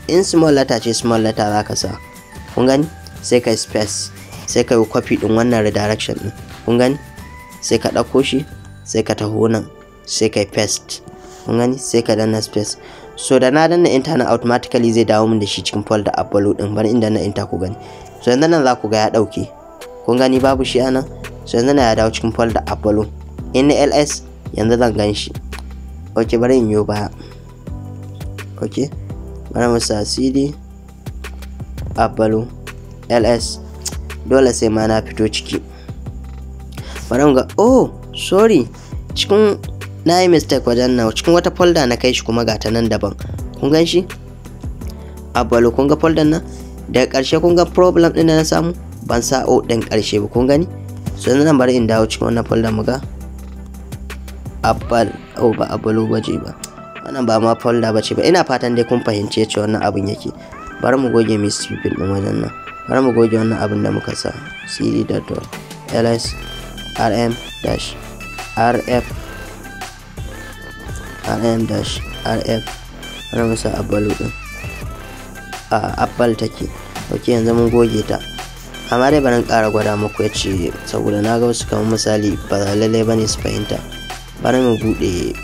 in small letter ce small letter za ka sa kun gani sai ka yi space sai ka yi copy din wannan redirection din kun gani sai ka ɗauko shi sai ka taho nan sai ka yi paste kun gani sai ka danna space so da na danna enter na automatically zai dawo min da shi cikin folder upload din bari inda na enter ku gani so yanzu nan za ku ga ya ɗauke kun gani babu shi anan so yanzu na ya dawo cikin folder apollo in ls yanzu zan gan shi ok bari in yi baya ok bari mu sa cd apollo ls dole sai ma na fito ciki bari mu ga oh sorry cikin na yi mistake wajen na cikin wata folder na kai shi kuma ga ta nan daban kun gan shi apollo kun ga folder nan daga ƙarshe kun ga problem ɗin da na samu ban sa o ɗin ƙarshe ba kun gani so yanzu nan bari in dawo cikin wannan folder muka apple oh ba abalo je ba wannan ba ma folder ce ba ina fatan dai kun fahimce cewa wannan abin yake bari mu goge mi stupid din wajen nan bari mu goge wannan abin da muka sa cd.ls rm dash rf rm dash rf bari mu sa abalo din a ah, apple take ok yanzu mun goge ta amma dai barin ƙara gwada muku ya ce saboda na ga wasu kamar misali ba lallai ba ne su fahimta bari mu buɗe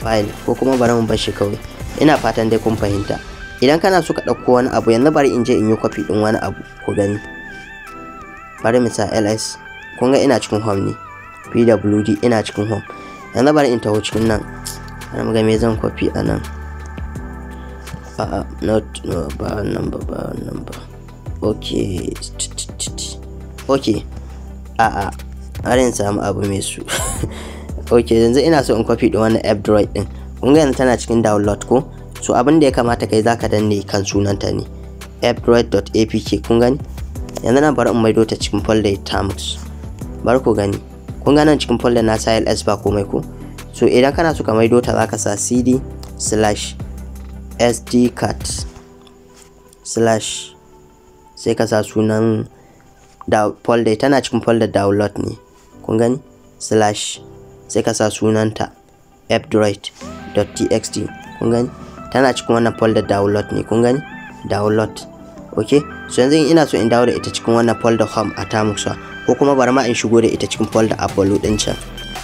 file ko kuma bari mu bashi kawai ina fatan dai kun fahimta idan kana so ka ɗauko wani abu yanzu bari in je in yi kwafi ɗin wani abu ku gani bari mu sa ls kun ga ina cikin home ne pwd ina cikin home yanzu bari in taho cikin nan ana ga me zan kwafi a nan a'a not no ba nan ba ba nan ba ok ok a'a har harin samu abu mai su ok yanzu ina so in kwafi ɗin wannan app droid din kun ga yanzu tana cikin download ko so abin da ya kamata kai zaka danne kan sunanta ne appdroid.apk kun gani yanzu na bari in maido ta cikin folder tamux bar ku gani kun ga nan cikin folder na sa ls ba komai ko so idan kana so ka maido ta zaka sa cd slash sd card slash sai ka sa sunan da folder tana cikin folder download ne kun gani slash sai ka sa sunanta appdroid.txt kun gani tana cikin wannan folder download ne kun gani download ok so yanzu ina so in dawo da ita cikin wannan folder home a tamuxa ko kuma bari ma in shigo da ita cikin folder apollo din can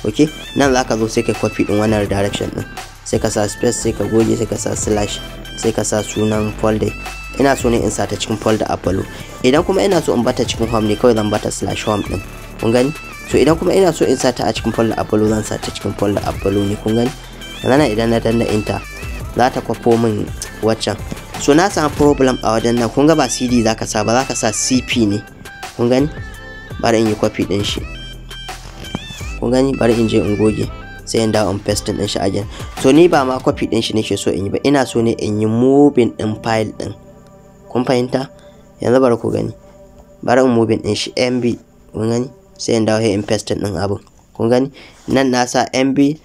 ok nan za ka zo sai ka copy din wannan redirection din sai ka sa space sai ka goge sai ka sa slash sai ka sa sunan folder ina so ne in sa ta cikin folder apollo idan kuma ina so in bata cikin home ne kawai zan bata slash home din kun gani so idan kuma ina so in sa ta a cikin folder apollo zan sa ta cikin folder apollo ne kun gani rana idan na danna enter za ta kwafo min waccan so na samu problem a wajen nan kun ga ba cd zaka sa ba zaka sa cp ne kun gani bari in yi copy din shi kun gani bari in je in goge sai in dawo in paste din shi again so ni ba ma copy din shi nake so in yi ba ina so ne in yi moving din file din kun fahimta yanzu bari ku gani bari in mubin din shi mb kun gani sai in dawo in paste din abin kun gani nan na sa mb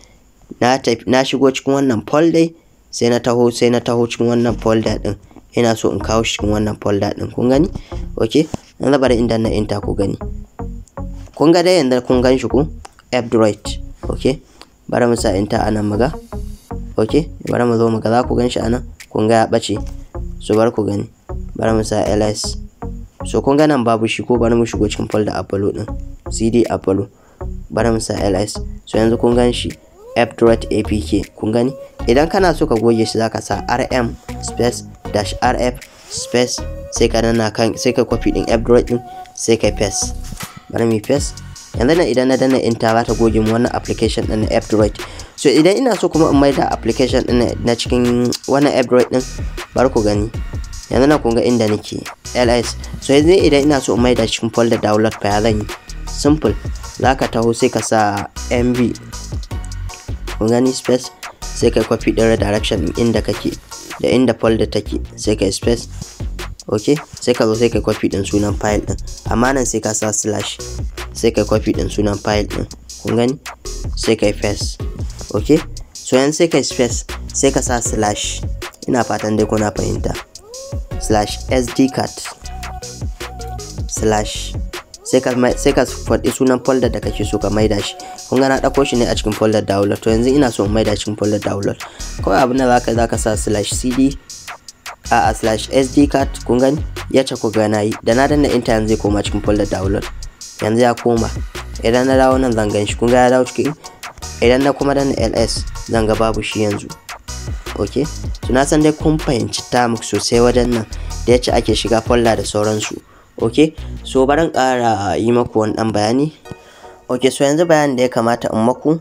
na na shigo cikin wannan folder sai na taho sai na taho cikin wannan folder din ina so in kawo shi cikin wannan folder din kun gani okay yanzu bari in danna enter ku gani kun ga dai yanzu kun gan shi ku f-droid okay bari mu sa enter anan muga okay bari mu zo muga za ku gan shi anan kun ga ya bace su bar ku gani bari mu sa ls so kun ga nan babu shi ko bari mu shigo cikin folder apollo din cd apollo bari mu sa ls so yanzu kun gan shi fdroid apk kun gani idan kana so ka goge shi zaka sa rm space dash rf space sai ka danna kan sai ka copy din fdroid din sai ka paste bari mu paste yanzu nan idan na danna enter za ta goge mu wannan application din na fdroid so idan ina so kuma in maida application din na cikin wannan fdroid din bari ku gani yanzu na kunga inda nake ls so yanzu idan ina so mai da cikin folder download fa zan yi simple za ka taho sai ka sa mv kun gani space sai ka copy din redirection inda kake da inda folder take sai ka space ok sai ka zo sai ka copy din sunan file din amma nan sai ka sa slash sai kai copy din sunan file din kun gani sai kai face ok so yanzu sai kai space sai ka sa slash ina fatan dai kuna fahimta slash sd card slash sai ka faɗi sunan folder da kake so ka maida shi kun ga na ɗauko shi ne a cikin folder download to yanzu ina so in maida cikin folder download kawai abin da zaka zaka sa slash cd a a slash sd card kun gani ya ce ku gana yi da na danna enter yanzu zai koma cikin folder download yanzu ya koma idan na dawo nan zan gan shi kun ga ya dawo cikin idan na kuma danna ls zan ga babu shi yanzu ok so na san dai kun fahimci tamuk sosai wajen nan da yace ake shiga folla da sauransu ok so barin ƙara yi maku wani ɗan bayani ok so yanzu bayanin da ya kamata in maku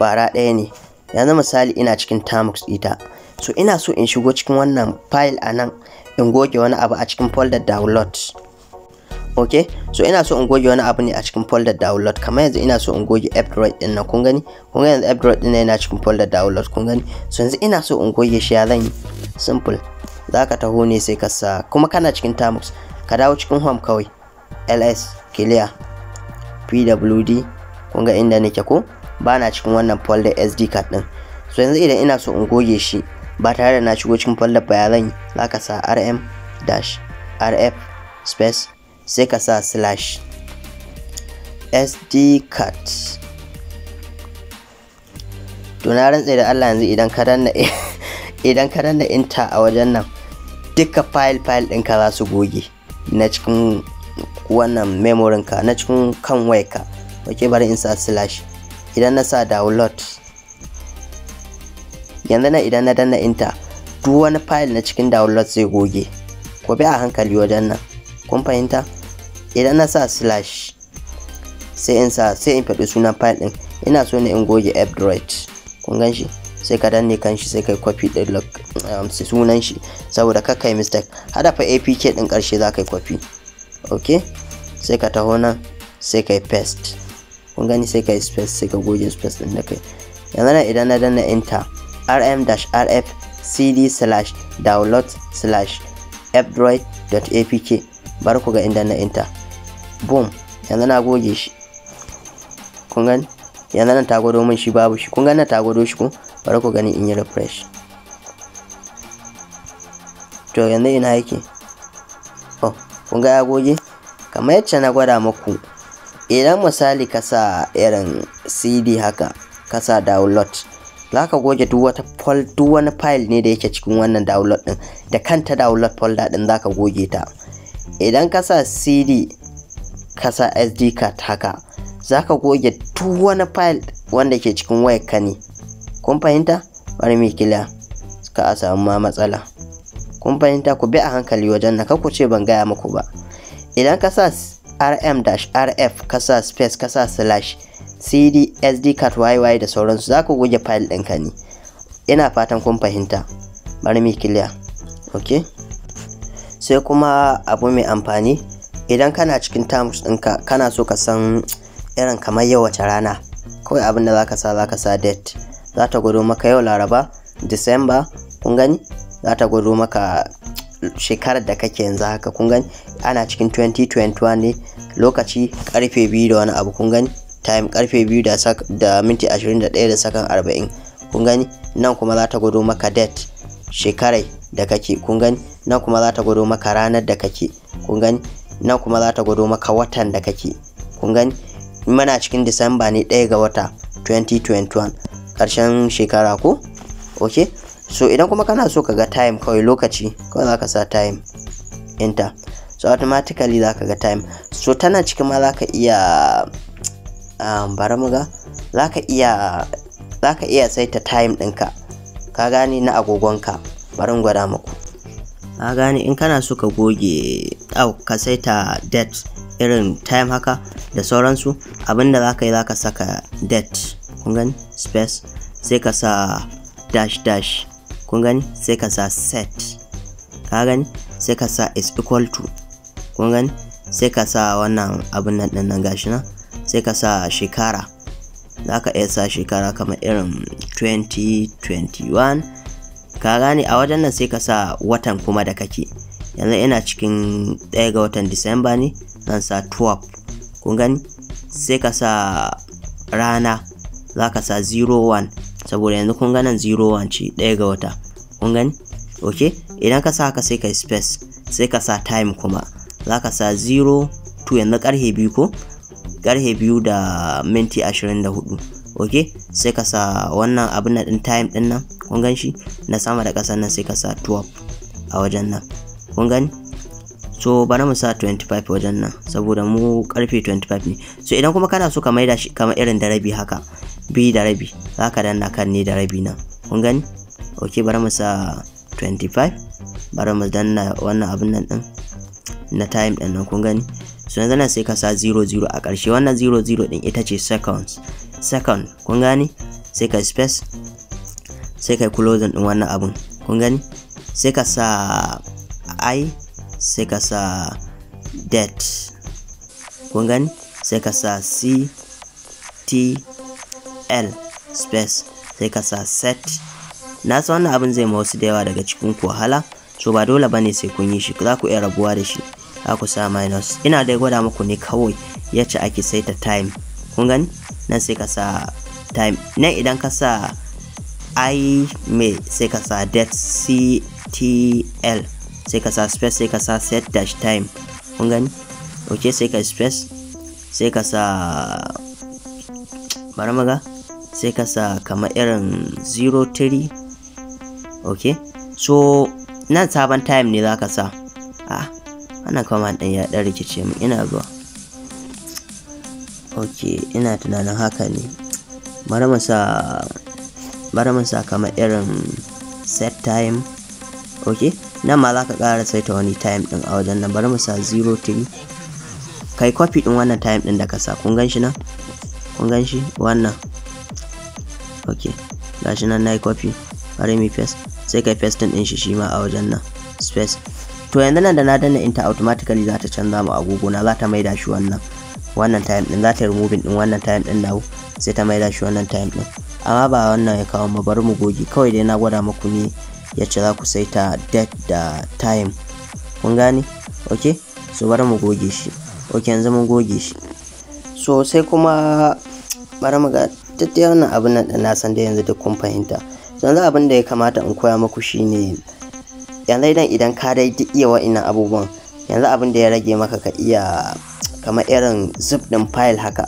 bara ɗaya ne yanzu misali ina cikin tamuk ita so ina so in shigo cikin wannan file a nan in goge wani abu a cikin folder download ok so ina so in goge wani abu ne a cikin folder download kamar yanzu ina so in goge droid din nan kun gani kun gani yanzu droid din yana cikin folder download kun gani so yanzu ina so in goge shi ya zan yi simple za ka taho ne sai ka sa kuma kana cikin tamux ka dawo cikin home kawai ls clear pwd kun ga inda nake ko ba na cikin wannan folder sd card din so yanzu idan ina so in goge shi ba tare da na shigo cikin folder ba ya zan yi za sa rm dash rf space sai ka sa slash sd card to na rantse da Allah yanzu idan ka danna idan ka danna enter a wajen nan duka file file ɗinka za su goge na cikin wannan memorin ka na cikin kan waya ka ok bari in sa slash idan na sa download yanzu na idan na danna enter duk wani file na cikin download zai goge ku bi a hankali wajen nan kun fahimta idan na sa slash sai in sa sai in faɗi sunan file ɗin ina so ne in goge app droid kun gan shi sai ka danne kan shi sai kai copy ɗin um, sunan shi saboda ka kai mistake hada fa apk ɗin ƙarshe za ka yi copy ok sai ka taho nan sai kai paste kun gani sai kai space sai ka goge space ɗin da kai yanzu na idan na danna enter rm-rf cd slash download slash appdroid.apk bari ku ga inda na inta boom yanzu na goge shi kun gani yanzu nan ta gwado min shi babu shi kun gani ta gwado shi ku bari ku gani in yi refresh to yanzu ina yake oh kun ga ya goge kamar yacce na gwada muku idan misali ka sa irin cd haka ka sa download za ka goge duk wata duk wani file ne da yake cikin wannan download din da kanta download folder din za ka goge ta idan ka sa cd ka sa sd card haka za ka goge duk wani file wanda ke cikin wayar ka ne kun fahimta bari mai kila ka a samu ma matsala kun fahimta ku bi a hankali wajen na ku ce ban gaya muku ba idan ka sa rm-rf ka sa space ka sa slash cd sd card yy da sauransu za ka goge file ɗinka ne ina fatan kun fahimta bari mai kiliya okay sai kuma abu mai amfani idan kana cikin terms ɗinka kana so ka san irin kamar yau wace rana kawai abin da zaka sa zaka sa date za ta gwado maka yau laraba december kun gani za ta gwado maka shekarar da kake yanzu haka kun gani ana cikin 2021 ne lokaci karfe biyu da wani abu kun gani time karfe biyu da minti 21 da sakan 40 kun gani nan kuma za ta gwado maka date shekarai da kake kun gani nan kuma za ta gwado maka ranar da kake kun gani nan kuma za ta gwado maka watan da kake kun gani mana cikin disamba ne ɗaya ga wata 2021 ƙarshen shekara ko ok so idan kuma kana so ka ga time kawai lokaci kawai za ka sa time inta so automatically za ka ga time so tana cikin ma za ka iya um, ga za ka iya za ka iya saita time ɗinka ka gane na agogonka bari gwada muku a gane in kana suka goge au ka saita det irin time haka da sauransu abinda za ka yi za ka saka det kun gani space sai ka sa dash dash kun gani sai ka sa set ka gani sai ka sa is equal to kun gani sai ka sa wannan abin nan din nan gashi na sai ka sa shekara za ka iya sa shekara kamar irin 2021 ka gane a wajen nan sai ka sa watan kuma da kake yanzu ina cikin ɗaya ga watan disamba ne zan sa 12 kun gani sai ka sa rana za ka sa 01 saboda yanzu kun ganin 01 ce ɗaya ga wata kun gani ok idan ka sa haka sai ka space sai ka sa time kuma za ka sa 02 yanzu karhe biyu ko karhe biyu da minti 24 okay, sai ka sa wannan abin na din time din nan kun gan shi na sama da kasan nan sai ka sa 12 a wajen nan kun gani so bari mu sa 25 wajen nan saboda mu karfe 25 ne so idan kuma kana so ka maida shi kamar irin da rabi haka bi da rabi zaka danna kan ne da rabi nan kun gani ok bari mu sa 25 bari mu danna wannan abin nan din na time din nan kun gani so yanzu nan sai ka sa 00 a ƙarshe wannan 00 din ita ce seconds second kun gani sai ka space sai ka closing din wannan abun kun gani sai ka sa i sai ka sa det, kun gani sai ka sa c t l space sai ka sa set na san wannan abin zai ma da yawa daga cikin ku wahala so ba dole bane sai kun yi shi za ku iya rabuwa da shi za ku sa minus ina dai gwada muku ne kawai yace ake saita time kun gani nan sai ka sa time nan idan ka sa i mai sai ka sa date ctl sai ka sa space sai ka sa set dash time kun gani ok sai ka space sai ka sa bari maga sai ka sa kamar irin 03 ok so nan sabon time ne za ka sa ah wannan kama ɗin ya ɗan rikice mu ina zuwa ok ina tunanin haka ne bari mu sa kamar irin set time ok nan ma za ka kara saita wani time din a wajen nan bari mu sa 03 kai copy din wannan time din da ka sa kun gan shi nan kun gan shi wannan ok shi nan na yi copy bari mu paste sai kai pasting din shi shi ma a wajen nan space to yanzu nan da na danna inta automatically za ta canza mu agogo na za ta maida shi wannan wannan time din za ta yi removing din wannan time din nawo sai ta maida shi wannan time din amma ba wannan ya kawo mu bari mu goge kawai dai na gwada muku ne yace za ku ta date da time kun gane okay so bari mu goge shi okay yanzu mun goge shi so sai kuma bari mu ga wannan abin nan na san da yanzu duk kun fahimta yanzu abin da ya kamata in koya muku shine yanzu idan idan ka dai iya wa'innan abubuwan yanzu abin da ya rage maka ka iya kamar irin zip din file haka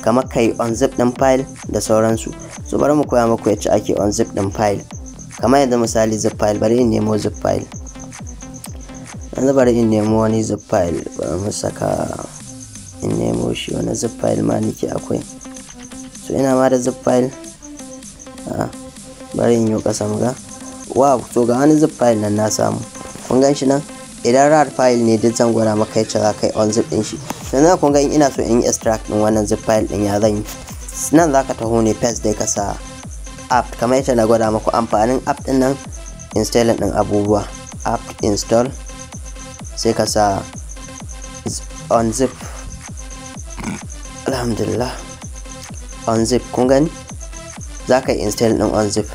kamar kai unzip din file da sauransu so bari mu koya muku yacce ake unzip din file kamar yanzu misali zip file bari in nemo zip file yanzu bari in nemo wani zip file bari mu saka in nemo shi wani zip file ma nake akwai so ina ma da zip file ah, bari in yi kasa mu ga wow to ga wani zip file nan na samu kun gan shi nan idan rar file ne duk zan gwada maka yace za ka yi unzip din shi yanzu kun ga in ina so in yi extract din wannan zip file din ya zan yi nan za ka taho ne paste dai ka sa app kamar yadda na gwada maku amfanin app din nan install din abubuwa app install sai ka sa unzip alhamdulillah unzip kun gani za ka yi install din unzip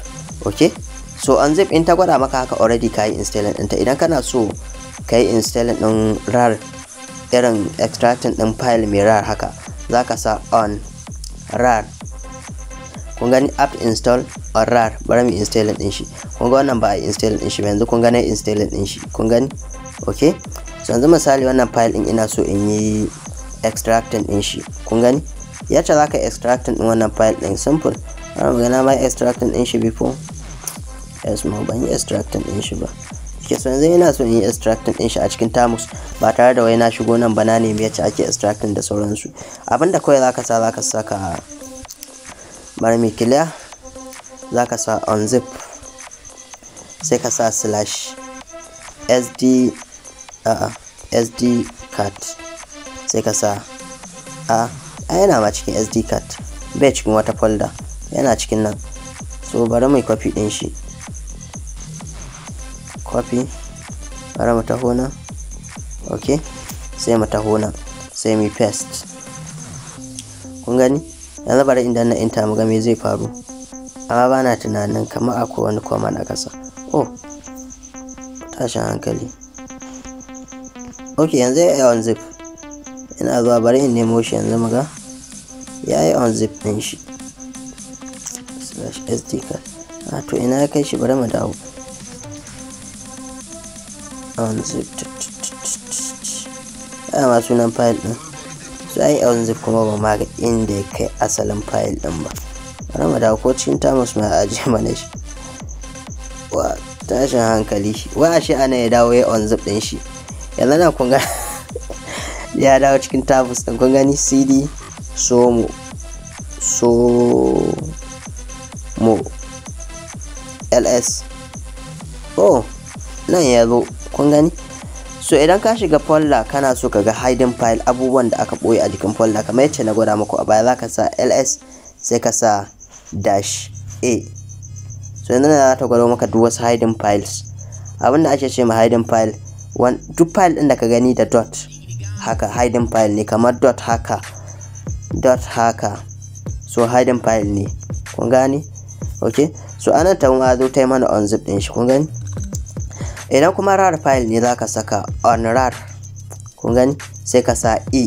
ok so unzip in ta gwada maka haka already ka yi install ta idan kana so ka yi installing ɗin rar irin extracting ɗin file mai rar haka za ka sa on rar kun gani app install on rar bari mu installing ɗin shi kun ga wannan ba a installing ɗin shi ba yanzu kun gani installing ɗin shi kun gani ok so yanzu misali wannan file ɗin ina so in yi extracting ɗin shi kun gani yacce za ka extracting ɗin wannan file ɗin simple bari mu gana ma extracting ɗin shi before yes ma ban yi extracting ɗin shi ba yake so yanzu ina so in yi extracting din shi a cikin tamus ba tare da wai na shigo nan ba na nemi yacce ake extracting da sauransu abinda kawai zaka sa zaka saka marmi clear zaka sa unzip sai ka sa slash sd uh, sd card sai ka sa a yana ma cikin sd card bai cikin wata folder yana cikin nan so bari mai copy din shi copy bara mu taho nan ok sai mu taho nan sai mu paste kun gani yanzu bari inda na enter mu ga me zai faru amma bana tunanin kamar akwai wani command a ƙasa oh tashin hankali ok yanzu ya yi unzip ina zuwa bari in nemo shi yanzu mu ga ya yi unzip ɗin shi slash sd card a ah, to ina ya kai shi bari mu dawo unzip dama ah, sunan file din su an yi unzip kuma ba ma ga inda ya kai asalin file din ba bari mu dawo ko cikin tamus mai aje mana shi wa tashin hankali wa shi ana ya dawo ya unzip din shi yanzu na kun ya dawo cikin tamus din kun gani cd somo so mu ls oh nan ya zo kun gani so idan ka shiga folder kana so ka ga hidden file abubuwan da aka boye a jikin folder kamar yadda na gwada muku a baya za sa ls sai ka sa dash a so yanzu na za ta gwado maka duk wasu hidden files abin da ake ce ma hidden file duk file ɗin da ka gani da dot haka hidden file ne kamar dot haka dot haka so hidden file ne kun gani? okay so anan ta ma zo ta yi mana unzip din shi kun gani idan kuma rar file ne zaka saka on rar kun gani sai ka sa e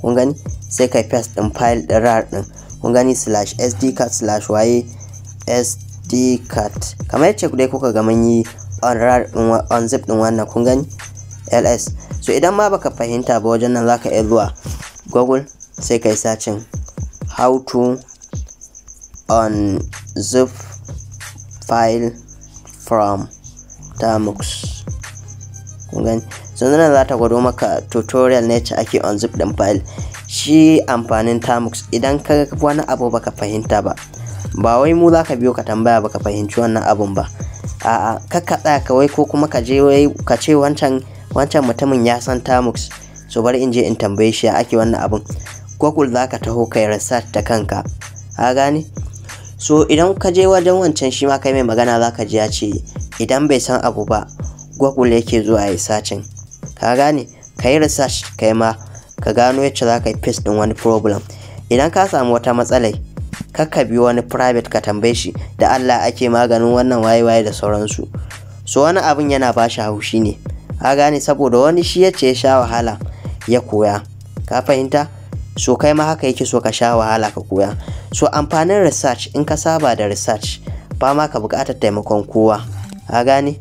kun gani sai ka paste din file din rar din kun gani slash sd card slash waye sd card kamar yacce dai kuka ga mun yi on rar din on zip din wannan kun gani ls so idan ma baka fahimta ba wajen nan zaka iya zuwa google sai ka yi sacin how to zip file from ta mux sannan za ta gwado maka tutorial na ta ake unzip din file shi amfanin tamux idan ka ga wani abu baka fahimta ba ba wai mu za ka biyo ka tambaya baka fahimci wannan abun ba a'a ka tsaya kawai ko kuma ka je ka ce wancan wancan mutumin ya san tamux so bari in je in tambaye shi ake wannan abun google za ka taho kai research da kanka ka gane so idan ka je wajen wancan shi ma kai mai magana za ka ji ya ce idan bai san abu ba google yake zuwa ya sacin ka gane ka yi research kai ma ka gano yacce za ka yi face ɗin wani problem idan ka samu wata matsalai ka bi wani private ka tambaye shi da Allah ake maganin wannan waye-waye da sauransu so wani abin yana ba shi haushi ne ka gane saboda wani shi ya ce ya sha wahala ya koya ka fahimta so kai ma haka yake so ka sha wahala ka koya so amfanin research in ka saba da research ba ma ka buƙatar taimakon kowa a gane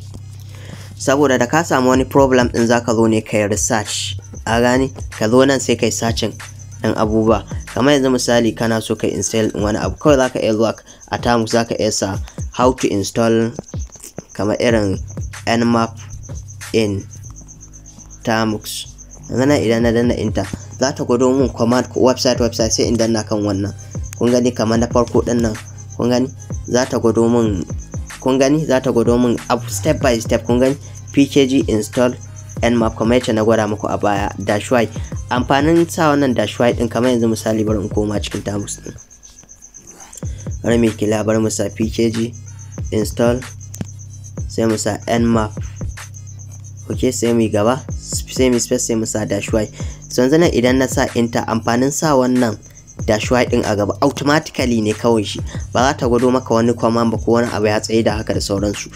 saboda da ka samu wani problem din zaka zo ne kai research a gane ka zo nan sai kai searching din abubuwa kamar yanzu misali kana so ka install din wani abu kawai zaka iya zuwa a tamu zaka iya sa how to install kamar irin nmap in tamux yanzu nan idan na danna inta za ta gwado mun command ko website website sai in danna kan wannan kun gani kamar na farko din nan kun gani za ta gwado mun kun gani za ta gwado min step by step kun gani pkg install nmap kamar yacce na gwada muku a baya y amfanin sa wannan y din kamar yanzu misali bari in koma cikin tamus din bari mu kila bari mu sa pkg install sai mu sa nmap ok sai mu gaba sai mu space sai mu sa dashwai yanzu nan idan na sa inta amfanin sa wannan dash din a gaba automatically ne kawai shi ba za ta gwado maka wani kwama ba ko wani abu ya tsaye da haka da sauransu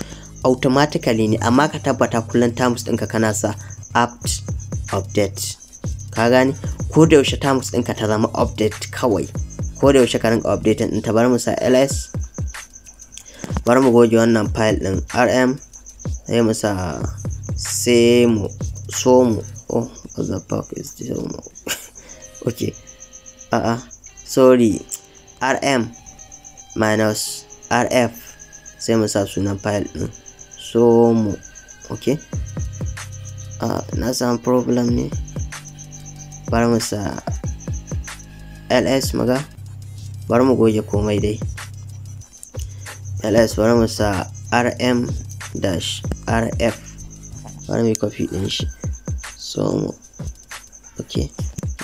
automatically ne amma ka tabbata kullum terms ɗinka kana sa apt update ka gani ko da yaushe terms ɗinka ta zama update kawai ko da yaushe ka rinka update ɗin ta bar mu sa ls bari mu goge wannan file ɗin rm sai mu sa same mu so mu oh what the fuck is this oh okay a'a sorry rm minus rf sai mu sa sunan file ɗin so mu okay uh, na samu problem ne bari mu sa ls maga, bari mu goge komai dai ls bari mu sa rm dash rf bari mu yi copy din shi so mu okay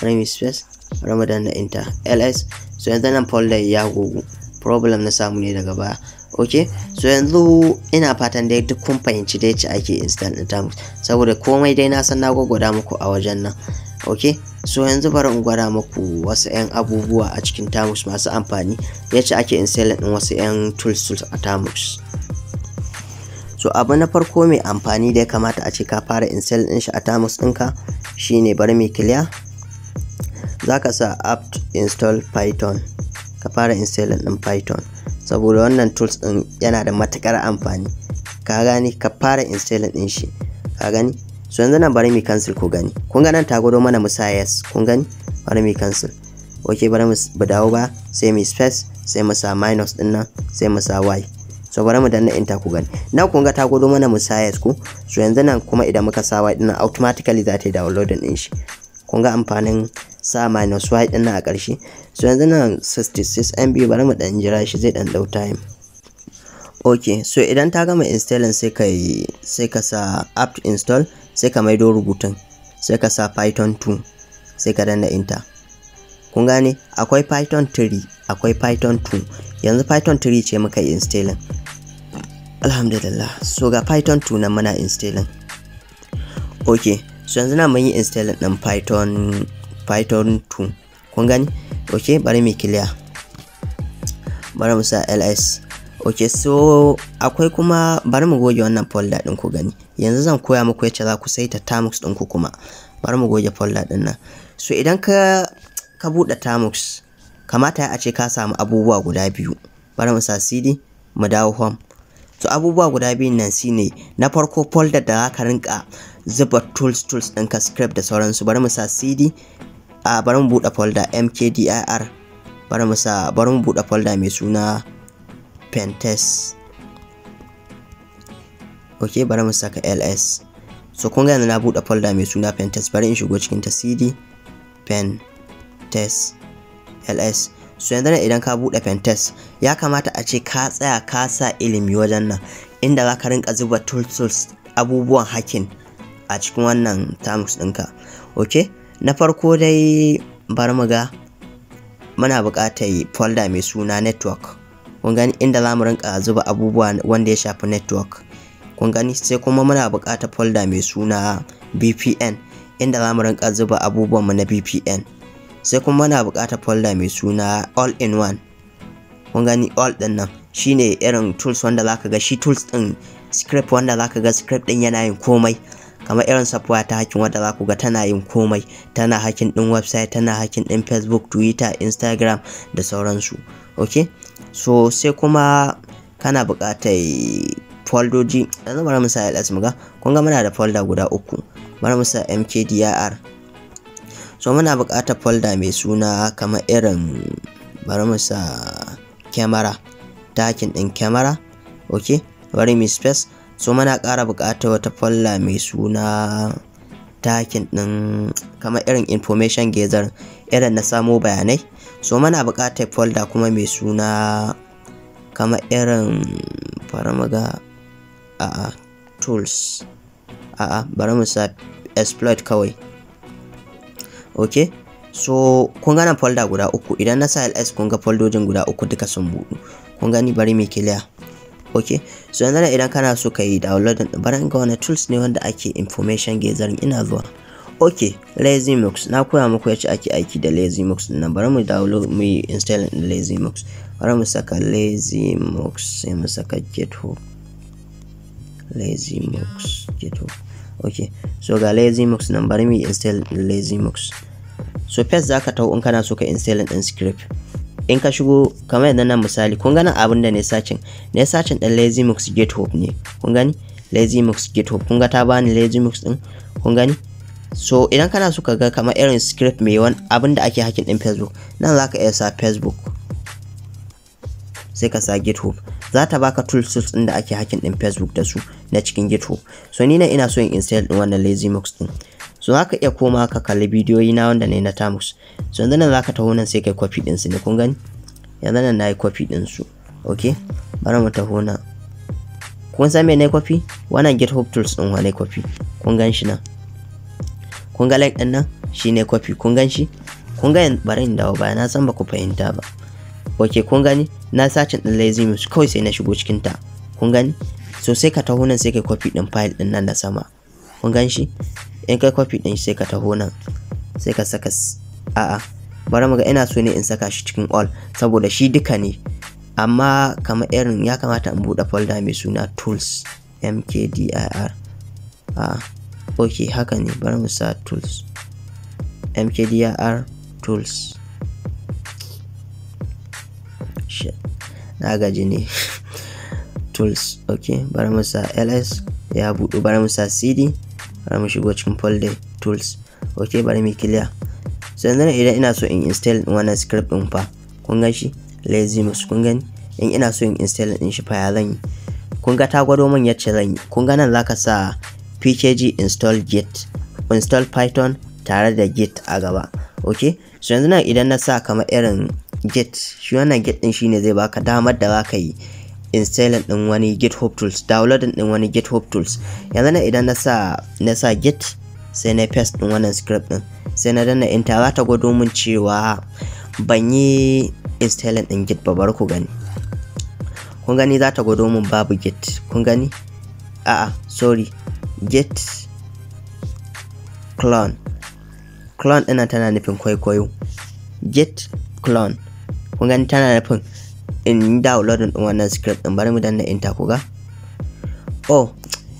bari mu space ramadan na Inter ls so yanzu nan folder ya gugu problem na samu ne daga baya ok so yanzu ina fatan dai duk kun fahimci dai ce ake install din tamu saboda komai dai na san na gwagwada muku a wajen nan ok so yanzu bari in gwada muku wasu 'yan abubuwa a cikin tamus masu amfani yace ake install din wasu 'yan tools tools a tamus so abu na farko mai amfani da ya kamata a ce ka fara install din shi a tamus ɗinka shine bari mai clear za sa apt install python ka fara installing ɗin python saboda wannan tools ɗin yana da matukar amfani ka gani ka fara installing ɗin shi ka gani so yanzu nan bari mu cancel ku gani kun ga nan ta gwado mana mu sa yes kun gani bari mu cancel ok bari mu dawo ba sai mu space sai mu sa minus din nan sai mu sa y so bari mu danna enter ku gani nan kun ga ta gwado mana mu sa yes ku so yanzu nan kuma idan muka sa y din nan automatically za ta yi downloading din shi kun ga amfanin sa minus y din nan a ƙarshe so yanzu nan 66 MB bari mu dan jira shi zai dan dau time ok so idan ta gama installing sai ka sai ka sa apt install sai ka maido rubutun sai ka sa python 2 sai ka danna enter kun gane akwai python 3 akwai python 2 yanzu python 3 ce muka yi installing alhamdulillah so ga python 2 nan muna installing ok so yanzu na mun yi install din python python 2 kun gani ok bari mu clear bari mu sa ls ok so akwai kuma bari mu goge wannan folder din ku gani yanzu zan koya muku yacce za ku saita tamux din ku kuma bari mu goge folder din nan so idan ka ka buɗe tamux kamata ya ce ka samu abubuwa guda biyu bari mu sa cd mu dawo home to abubuwa guda biyun nan shine na farko folder da za ka rinka zuba tools tools ka script da sauransu bari mu sa cd a bari mu buɗe folder mkdir bari mu sa bari mu buɗe folder mai suna pentest ok bari mu saka ls so kun yanzu na buɗe folder mai suna pentest bari in shigo cikin ta cd pen test ls so yanzu ne idan ka buɗe pentest ya kamata a ce ka tsaya ka sa ilimi wajen nan inda za ka rinka zuba tools abubuwan hacking a cikin wannan tamus ɗinka ok na farko dai bar mu ga muna buƙatar folder mai suna network kun gani inda za mu rinka zuba abubuwa wanda ya shafi network kun gani sai kuma muna buƙatar folder mai suna VPN inda za mu rinka zuba abubuwan mu na VPN sai kuma muna buƙatar folder mai suna all in one kun gani all din nan shine irin tools wanda zaka ga shi tools din script wanda zaka ga script din yana yin komai kamar irin safuwa ta hakin wadda za ku ga tana yin komai tana hakin din website tana hakin din facebook twitter instagram da sauransu ok so sai kuma kana buƙatar foldoji yanzu bari mu sa ls mu ga kun ga muna da folder guda uku bari mu sa mkdir so muna buƙatar folder mai suna kamar irin bari mu sa camera ta hakin din camera ok bari mu space so na kara buƙatar wata falla mai suna takin ɗin kamar irin information gazer irin na samo bayanai so mana buƙatar folder kuma mai suna kamar irin farmaga a tools a'a bari mu sa exploit kawai ok so kun gana folder guda uku idan na sa ls kun ga foldojin guda uku duka sun buɗu kun gani bari mai clear ok so yanzu da idan kana so ka yi downloading bari barin ga wani tools ne wanda ake information gathering ina zuwa ok lazymux na koya muku yace ake aiki da lazymux din nan bari mu download mu yi installing lazy lazymux bari mu saka lazymux sai mu saka github lazymux github ok so ga lazymux nan bari mu install lazymux so first zaka tau in kana so ka install din script in ka shigo kamar yadda nan misali kun ganin abin da ne sacin ne sacin ɗin lazy mix github ne kun gani lazy mix github kun ga ta bani lazy mix ɗin kun gani so idan kana so ka ga kamar irin script mai wani abin da ake hakin ɗin facebook nan za ka iya sa facebook sai ka sa github za ta baka tools tools ɗin da ake hakin ɗin facebook da su na cikin github so ni na ina so in install ɗin wannan lazy mix ɗin so za ka iya koma ka kalli bidiyoyi na wanda ne na tamus so yanzu nan za ka taho nan sai kai kwafi ɗinsu ne kun gani yanzu nan na yi kwafi ɗinsu ok bari mu taho nan kun san me ne yi kwafi wannan github tools ɗin wa na kwafi kun gan shi nan kun ga like din nan shi ne kwafi kun gan shi kun ga bari in dawo baya na san ba ku fahimta ba ok kun gani na sacin ɗin lazy news kawai sai na shigo cikin ta kun gani so sai ka taho nan sai kai kwafi din file ɗin nan na sama kun gan shi in kai kwafi ɗin sai ka taho nan sai ka saka a'a bari mu ga ina so ne in saka shi cikin all saboda shi duka ne amma kama irin ya kamata in buɗe folder mai suna tools mkdir a ok haka ne bari mu sa tools mkdir tools na gaji ne tools ok bari mu sa ls ya bude bari mu sa cd bari mu shigo cikin folder tools ok bari mu clear sannan idan ina so in install wannan script din fa kun ga shi mus kun gani in ina so in install din shi fa ya zan yi kun ga ta gwado min yace zan yi kun ga nan zaka sa pkg install git install python tare da git a gaba ok so yanzu nan idan na sa kamar irin git shi wannan git din shine zai baka damar da zaka yi installing din wani github tools downloading din wani github tools yanzu na idan na sa git sai na paste din wannan script din sai na danna enter za ta gwado min cewa ban yi installing din git ba bar ku gani kun gani za ta gwado min babu git kun gani a'a sorry git clone clone ina tana nufin kwaikwayo git clone kun gani tana nufin in downloading din wannan script din bari mu danna enter ku ga oh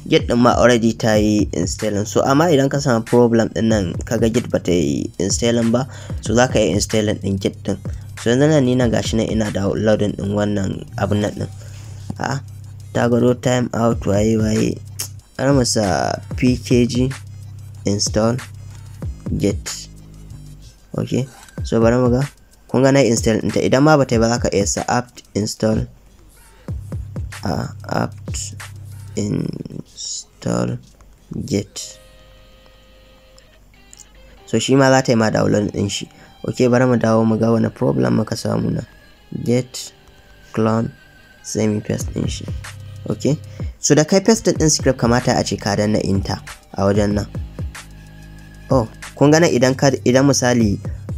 git din ma already ta yi installing so amma idan ka samu problem din nan kaga git ba ta yi installing ba so za ka yi installing din git din so yanzu nan ni nan gashi nan ina downloading din wannan abun nan din ha ta gado time out waye waye ana masa pkg install git okay so bari mu ga kun ga na install ɗinta idan ma bata yi ba za ka iya sa apt install a apt install get so shi ma za ta yi ma download ɗin shi ok bari mu dawo mu ga wani problem muka samu na get clone semi paste ɗin shi ok so da kai paste ɗin script kamata a ce ka danna inta a wajen nan oh kun gana idan idan misali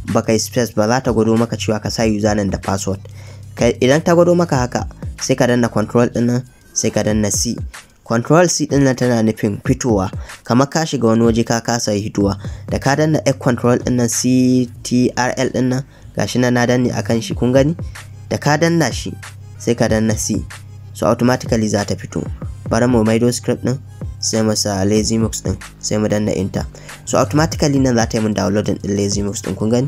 baka yi space ba za ta gwado maka cewa ka sa username da password idan ta gwado maka haka sai ka danna control nan sai ka danna c control C din nan tana nufin fitowa kamar ka shiga wani waje ka kasa hituwa da ka danna F control din nan CTRL din nan gashi nan na danne akan shi kun gani da ka danna shi sai ka danna C so automatically za ta fito bari mu maido script din sai mu sa lazy mux din sai mu danna enter so automatically nan za ta yi mun downloading din lazy mux din kun gani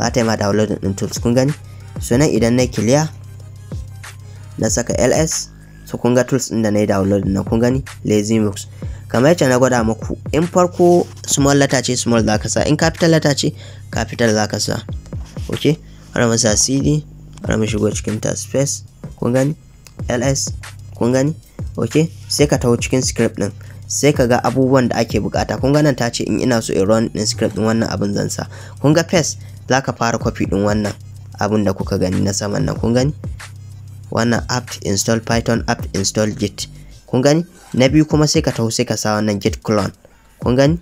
za ta yi ma downloading din tools kun gani so nan idan na clear na saka ls so kun ga tools din da na yi downloading na kun gani lazy mux kamar yacce na gwada muku in farko small letter ce small za ka sa in capital letter ce capital za ka sa ok har mu sa cd har mu shigo cikin ta space kun gani ls kun gani okay sai ka taho cikin script din sai ka ga abubuwan da ake bukata kun ga nan ta ce in ina so in run din script din wannan abin zan sa kun ga paste ka fara copy din wannan abin da kuka gani na saman nan kun gani wannan apt install python apt install git kun gani na biyu kuma sai ka taho sai ka sa wannan git clone kun gani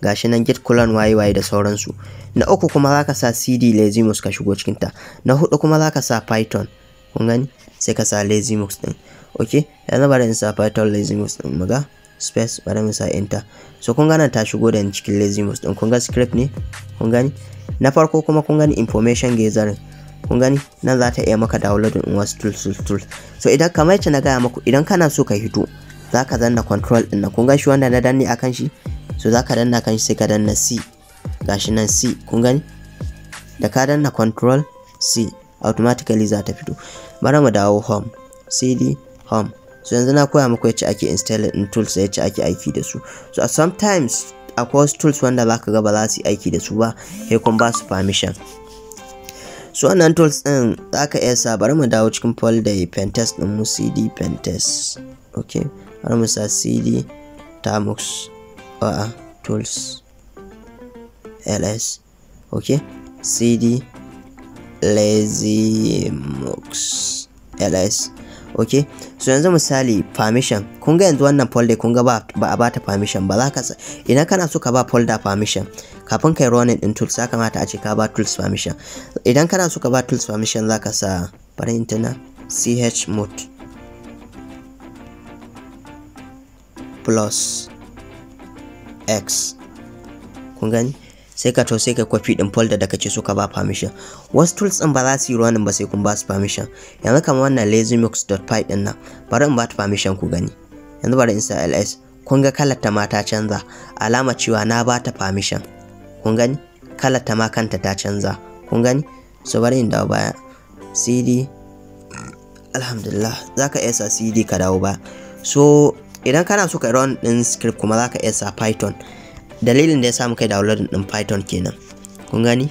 gashi nan git clone waye waye da sauransu na uku kuma zaka sa cd lazymus ka shigo cikin ta na hudu kuma zaka sa python kun gani sai ka sa lazymus din okay yanzu bari in sa python laziness din muga space bari mu sa enter so kun gana ta shigo da cikin laziness din kun ga script ne kun gani na farko kuma kun gani information gathering kun gani nan za ta iya maka downloading in wasu tools tools so idan kamar yace na gaya maku idan kana so ka hito za ka danna control din nan kun ga shi wanda na danne akan shi so za ka danna kan shi sai ka danna c gashi nan c kun gani da ka danna control c automatically za ta fito bari mu dawo home cd home so yanzu na koya muku yacce ake installing in tools da yacce ake aiki da su so sometimes akwai wasu tools wanda zaka ga ba za su yi aiki da su ba sai kun ba su permission so wannan tools din zaka iya sa bari mu dawo cikin folder pentest din mu cd pentest okay bari mu sa cd tamux a uh, tools ls okay cd lazymux ls ok so yanzu misali permission kun ga yanzu wannan folder kun ga ba a bata permission ba za ka idan kana so ka ba folder permission kafin kai running din tools ya kamata a ce ka ba tools permission idan kana so ka ba tools permission za ka sa bari intana chmod plus x kun gani sai ka tau sai ka kwafi din folder da kace so ka ba permission wasu tools din ba za su yi ruwanin ba sai kun ba su permission yanzu kamar wannan lazymux.py din nan bari in ba ta permission ku gani yanzu bari in sa ls kun ga kalar ta ma ta canza alama cewa na ba ta permission kun gani kalar ta ma kanta ta canza kun gani so bari in dawo baya cd alhamdulillah zaka iya sa cd ka dawo ba. so idan kana so ka run din script kuma zaka iya sa python dalilin da ya samu kai download din python kenan kun gani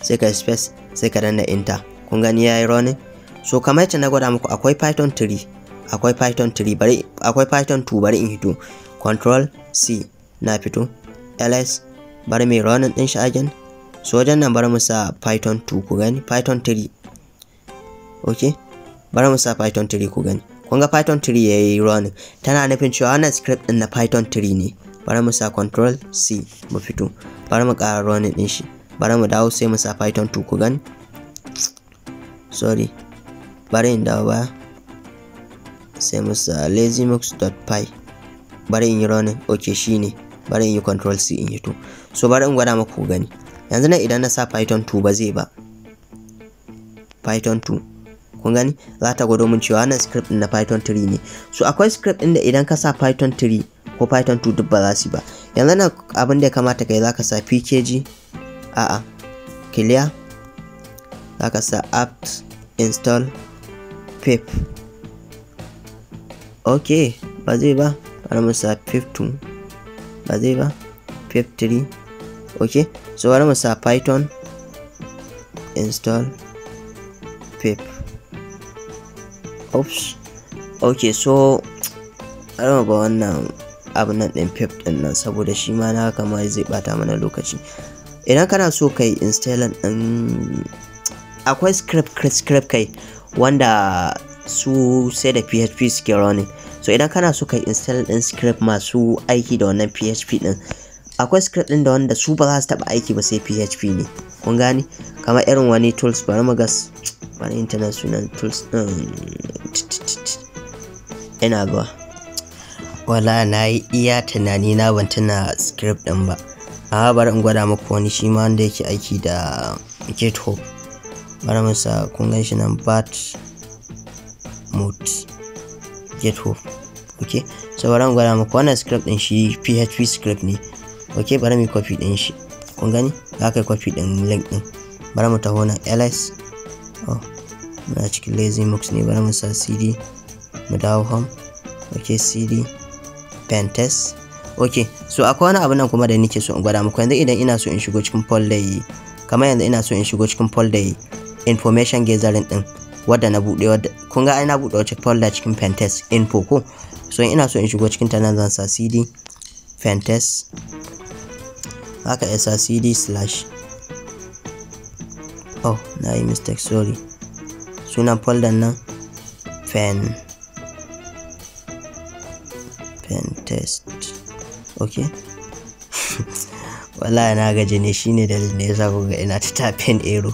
sai ka space sai ka danna enter kun gani yayi running so kamar yadda na gwada muku akwai python 3 akwai python 3 bari akwai python 2 bari in hito control c na fito ls bari mai running din shi again so wajen nan bari mu sa python 2 ku gani python 3 okay bari mu sa python 3 ku gani kun ga python 3 yayi running tana nufin cewa wannan script din na python 3 ne bari mu sa control c mu fito bari mu ƙara running din shi bari mu dawo sai mu sa python 2 ku gani sorry bari in dawo ba sai mu sa lazymux.py bari in yi running ok shine bari in yi control c in yi to so bari in gwada maku gani yanzu nan idan na sa python 2 ba zai ba python 2 kun gani za ta gwado mun cewa wannan script na Python 3 ne so akwai script din da idan ka sa Python 3 ko python 2 duk ba za su ba yanzu nan abin da ya kamata kai ka sa pkg a'a clear za ka sa apt install pip ok ba zai ba bari mu sa pip 2 ba zai ba pip 3 ok so bari mu sa python install pip oops ok so bari mu ba wannan abin nan ɗin pep ɗin nan saboda shi ma na haka ma zai bata mana lokaci idan kana so kai installing ɗin akwai script script kai wanda su sai da php suke running so idan kana so kai install ɗin script masu aiki da wannan php ɗin akwai script ɗin da wanda su ba za su taɓa aiki ba sai php ne kun gani kamar irin wani tools bari mu gas wani internet sunan tools ɗin ina ba wala na yi iya tunani na ban tuna script din ba a bari in gwada muku wani shi ma wanda yake aiki da github bari mu sa kun gan shi nan bat mut github ok so bari in gwada muku wannan script din shi php script ne ok bari mu copy din shi kun gani za ka yi copy din link din bari mu taho nan ls oh muna cikin lazy mux ne bari mu sa cd mu dawo home ok cd pentes ok so akwai wani abu nan kuma da nake so in gwada muku yanzu idan ina so in shigo cikin folder yi kamar yanzu ina so in shigo cikin folder yi information gathering din wadda na bude wadda kun ga ai na wacce folder cikin pentes info ko so ina so in shigo cikin ta nan zan sa cd pentes haka ya sa cd slash oh na yi mistake sorry sunan folder nan fen pen test ok wala na gaje ne shine dalilin da ya sa ga ina ta tapin ero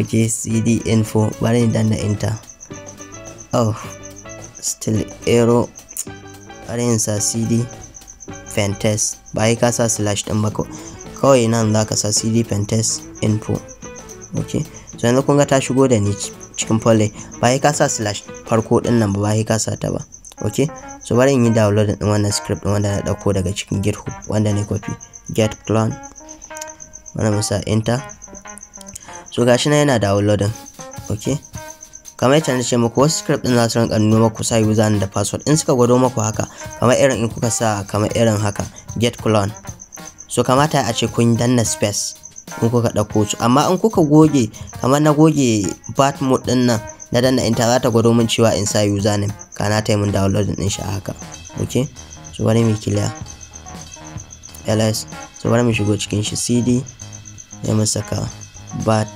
ok cd info bari dan na enter oh still ero bari in sa cd pen test bai ka sa slash din ba kawai nan za ka sa cd pen test info ok so yanzu kun ga ta shigo da ni cikin fole ba ka sa slash farko din nan ba ba ka sa ta ba ok so bari in yi downloading din wannan script din wanda na dauko daga cikin github wanda ne copy get clone wanda musa enter so gashi na yana downloading ok kamar yadda na ce muku wasu script din za su rinka nuna muku sa username da password in suka gwado muku haka kamar irin in kuka sa kamar irin haka get clone so kamata a ce kun danna space in kuka dauko su amma in kuka goge kamar na goge bat mode din nan na danna enter za ta gwado min cewa in sa username kana ta yi min downloading din shi haka ok so bari mu clear ls so bari mu shigo cikin shi cd ya mu saka bat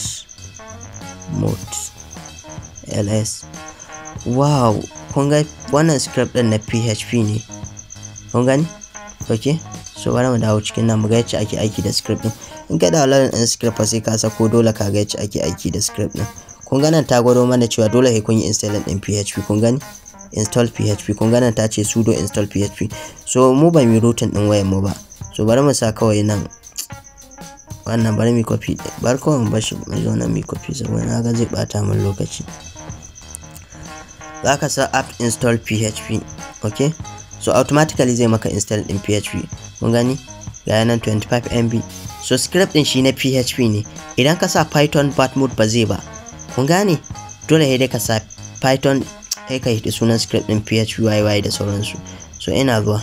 mode ls wow kun ga wannan script din na php ne kun gani ok so bari mu dawo cikin nan mu ga yacce ake aiki da script din in ka downloading din script sai ka sako dole ka ga yacce ake aiki da script din kun ga ta gwado mana cewa dole sai kun yi installing din php kun gani install php kun ga ta ce sudo install php so mu ba mu routing din wayar mu ba so bari mu sa kawai nan wannan bari mu copy bar kawai mu bashi mu zo nan mu copy saboda na ga zai bata min lokaci zaka sa app install php ok so automatically zai maka install din php kun gani ga nan 25 mb so script din shi na php ne idan ka sa python batmode ba zai ba kun gane dole sai dai ka sa python sai ka hidi sunan script din phyy da sauransu so ina zuwa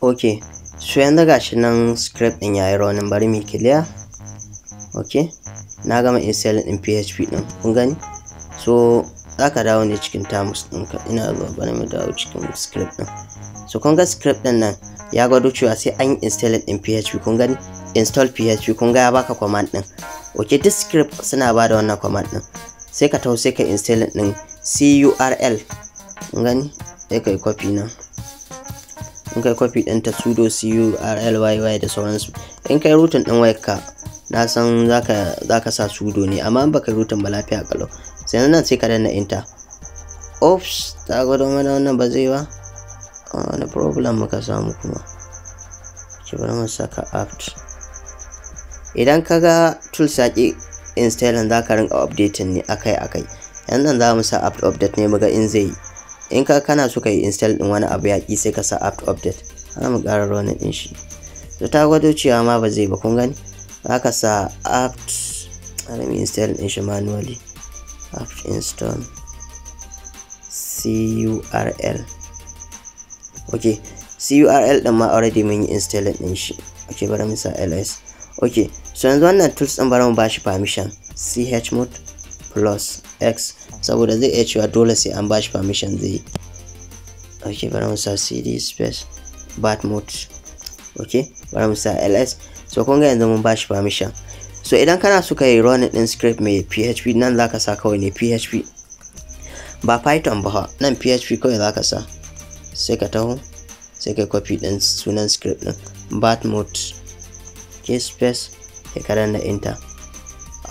ok so yanzu gashi nan script din yayi raunin bari mu clear ok na gama install din php din kun gani so zaka dawo ne cikin tamus ɗinka ina zuwa bari mu dawo cikin script ɗin so kun ga script ɗin nan ya gwado cewa sai an install ɗin php kun gani install php kun ga ya baka command din okay this script suna ba da wannan command din sai ka tau sai ka install din curl gani sai ka copy nan in kai copy din ta sudo curl da sauransu in kai rutin din wayar ka na san zaka zaka sa sudo ne amma in baka rutin ba lafiya kalau sai nan sai ka danna enter oops ta gwado mana wannan ba zai ba ah, wani problem muka samu kuma ki bari mu saka apt idan ka ga tools ya ki installin za ka rinka updating ne akai akai yan nan za mu sa apt update ne muga in zai in ka kana so ka yi install din wani abu ya ki sai ka sa apt update ana mu ƙara ruwan din shi to ta gwado cewa ma ba zai ba kun gani za ka sa apt ana mu install din shi manually apt install curl ok curl din ma already mun yi installing din shi ok bari mu sa ls ok so yanzu wannan tools ɗin bari mu shi permission chmod plus x saboda zai iya cewa dole sai an bashi permission zai yi ok bari mu sa cd space bat mode ok bari mu sa ls so kun ga yanzu mun bashi permission so idan kana suka yi run din script mai php nan zaka sa kawai ne php ba python ba nan php kawai ka sa sai ka taho sai ka copy din sunan script din bat mode k space kai kadan na enter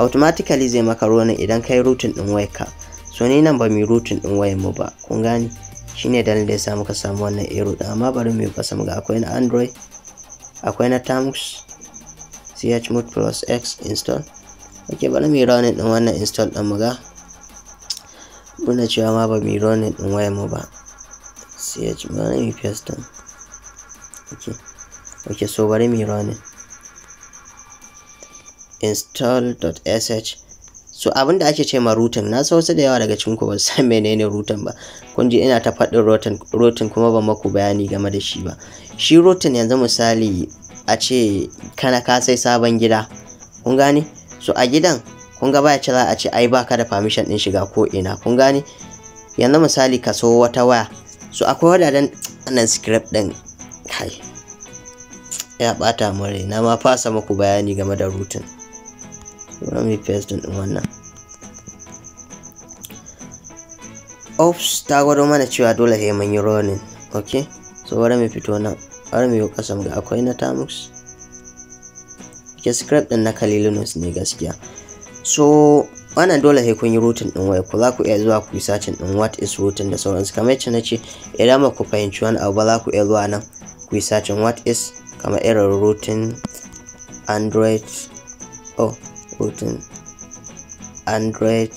automatically zai maka ronin idan kai routing din wayarka so ni nan ba mi routing din wayar mu ba kun gani shine dalilin da ya samu ka samu wannan error din amma bari mu fasa muga akwai na android akwai na tamux chmod plus x install okay bari mu running din wannan install din muga ga muna cewa ma ba mu running din wayar mu ba chmod plus din okay ok so bari mu running install.sh so abinda ake ce ma rutin na sa wasu da yawa daga cikin ku ba san menene rutin ba kun ji ina ta faɗin rutin kuma ba maku bayani game da shi ba shi rutin yanzu misali a ce kana ka sai sabon gida kun gane so a gidan kun ga baya cewa a ce ai baka da permission din shiga ko ina kun gane yanzu misali ka so wata waya so akwai wadadan nan script din kai ya bata mure na ma fasa maku bayani game da rutin bari mu paste din wannan ops ta gwado mana cewa dole sai mun yi running okay so bari mai fito nan bari mu kasam kasan ga akwai na tamux ke script din na kalilinus ne gaskiya so wannan dole sai kun yi routing din waya ku za ku iya zuwa ku yi searching din what is routing da sauransu kamar yacce na ce idan ba ku fahimci wani abu ba za ku iya zuwa nan ku yi searching what is kamar error routing android oh hoton android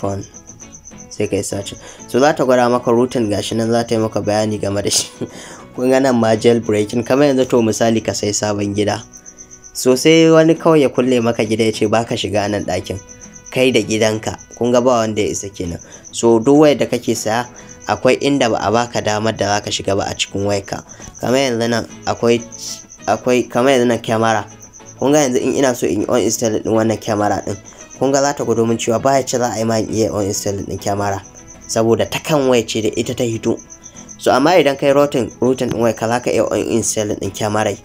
phone sai kai search so za ta gwada maka rutin gashi nan za ta yi maka bayani game da shi kun ga nan ma jailbreaking kamar yanzu to misali ka sai sabon gida so sai wani kawai ya kulle maka gida ya ce baka shiga nan ɗakin kai da gidanka kun ga ba wanda ya isa kenan so duk wayar da kake saya akwai inda ba a baka damar da zaka shiga ba a cikin wayarka kamar yanzu nan akwai akwai kamar yanzu nan kyamara kun ga yanzu in ina so in yi on install din wannan kyamara din kun ga za ta gwado min cewa baya ce za a yi ma iya on install din kyamara saboda ta kan waya ce da ita ta hito so amma idan kai rotin rotin din waya ka za ka iya on install din kyamarai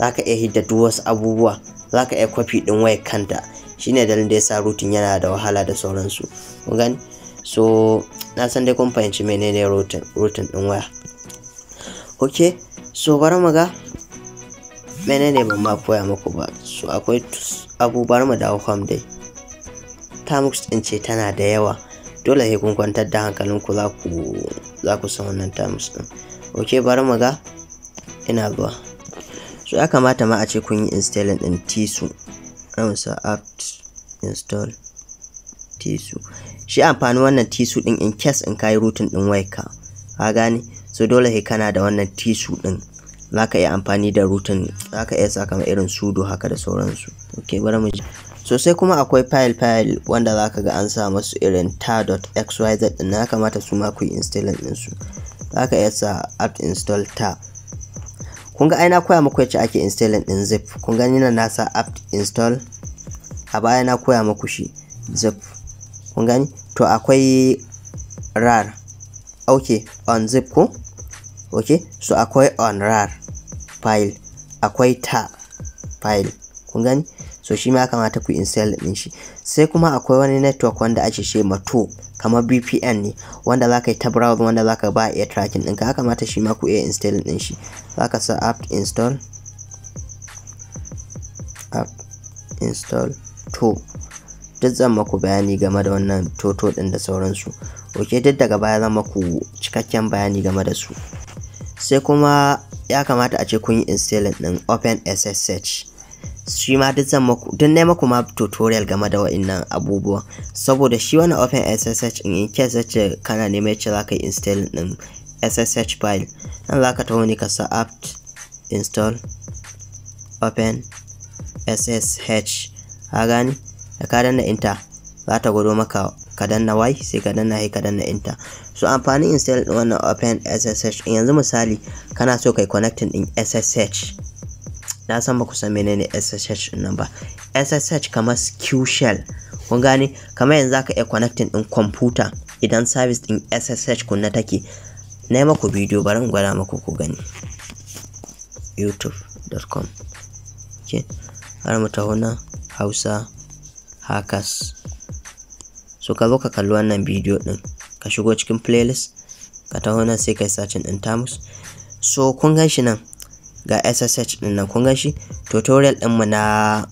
za ka iya hidda duk wasu abubuwa za ka iya kwafi din waya kanta shine dalilin da yasa rotin yana da wahala da sauransu kun gani so na san dai kun fahimci menene rotin rotin din waya okay so bari mu ga ne ban ma koya muku ba su akwai abubuwar mu da kam dai tamux din ce tana da yawa dole sai kun kwantar da ku za ku za ku san wannan tamux din ok bari mu ga ina zuwa so ya kamata ma a ce kun yi installing din tisu amsa apt install tisu shi amfani wannan tisu din in case in kai rutin din waika ka gane so dole sai kana da wannan tisu din za ka iya amfani da rutin za ka iya saka ma irin sudo haka da sauransu ok bari mu ji so sai kuma akwai file file wanda za ka ga an sa masu irin ta.xyz din na kamata su ma ku yi installing din su za ka iya sa apt install ta kun ga aina koya muku yacce ake installing din zip kun gani nan na sa apt install a baya na koya muku shi zip kun gani to akwai rar ok on zip ko ok so akwai on rar file akwai ta file kun gani so shi ma kamata ku install din shi sai kuma akwai wani network wanda ake ce ma to kamar VPN ne wanda za ka yi ta browser wanda zaka ba iya tracking din ka kamata shi ma ku iya install din shi za sa apt install app install to duk zan maku bayani game da wannan toto din da sauransu ok duk daga baya zan maku cikakken bayani game da su sai kuma ya kamata a ce kun yi installing ɗin ssh shi ma duk zan maku duk nai maku ma tutorial game da wa'annan abubuwa saboda shi wani open in in case ce kana neman yace zaka yi installing ɗin SSH file nan ka tawo ne ka sa apt install open ssh a gani da ka danna enter za ta gwado maka ka danna y sai ka danna sai ka danna enter so amfanin install din wannan open ssh yanzu misali kana so kai connecting din ssh na san ba ku san menene ssh din nan ba ssh kamar q shell kun gane kamar yanzu zaka iya connecting din computer idan service din ssh kunna take na yi maku bidiyo bari in gwada maku ku gani youtube.com har mu taho hausa hackers so ka zo ka kalli wannan bidiyo ɗin ka shigo cikin playlist ka taho nan sai kai searching ɗin tamus so kun gan shi nan ga ssh ɗin nan kun gan shi tutorial mu na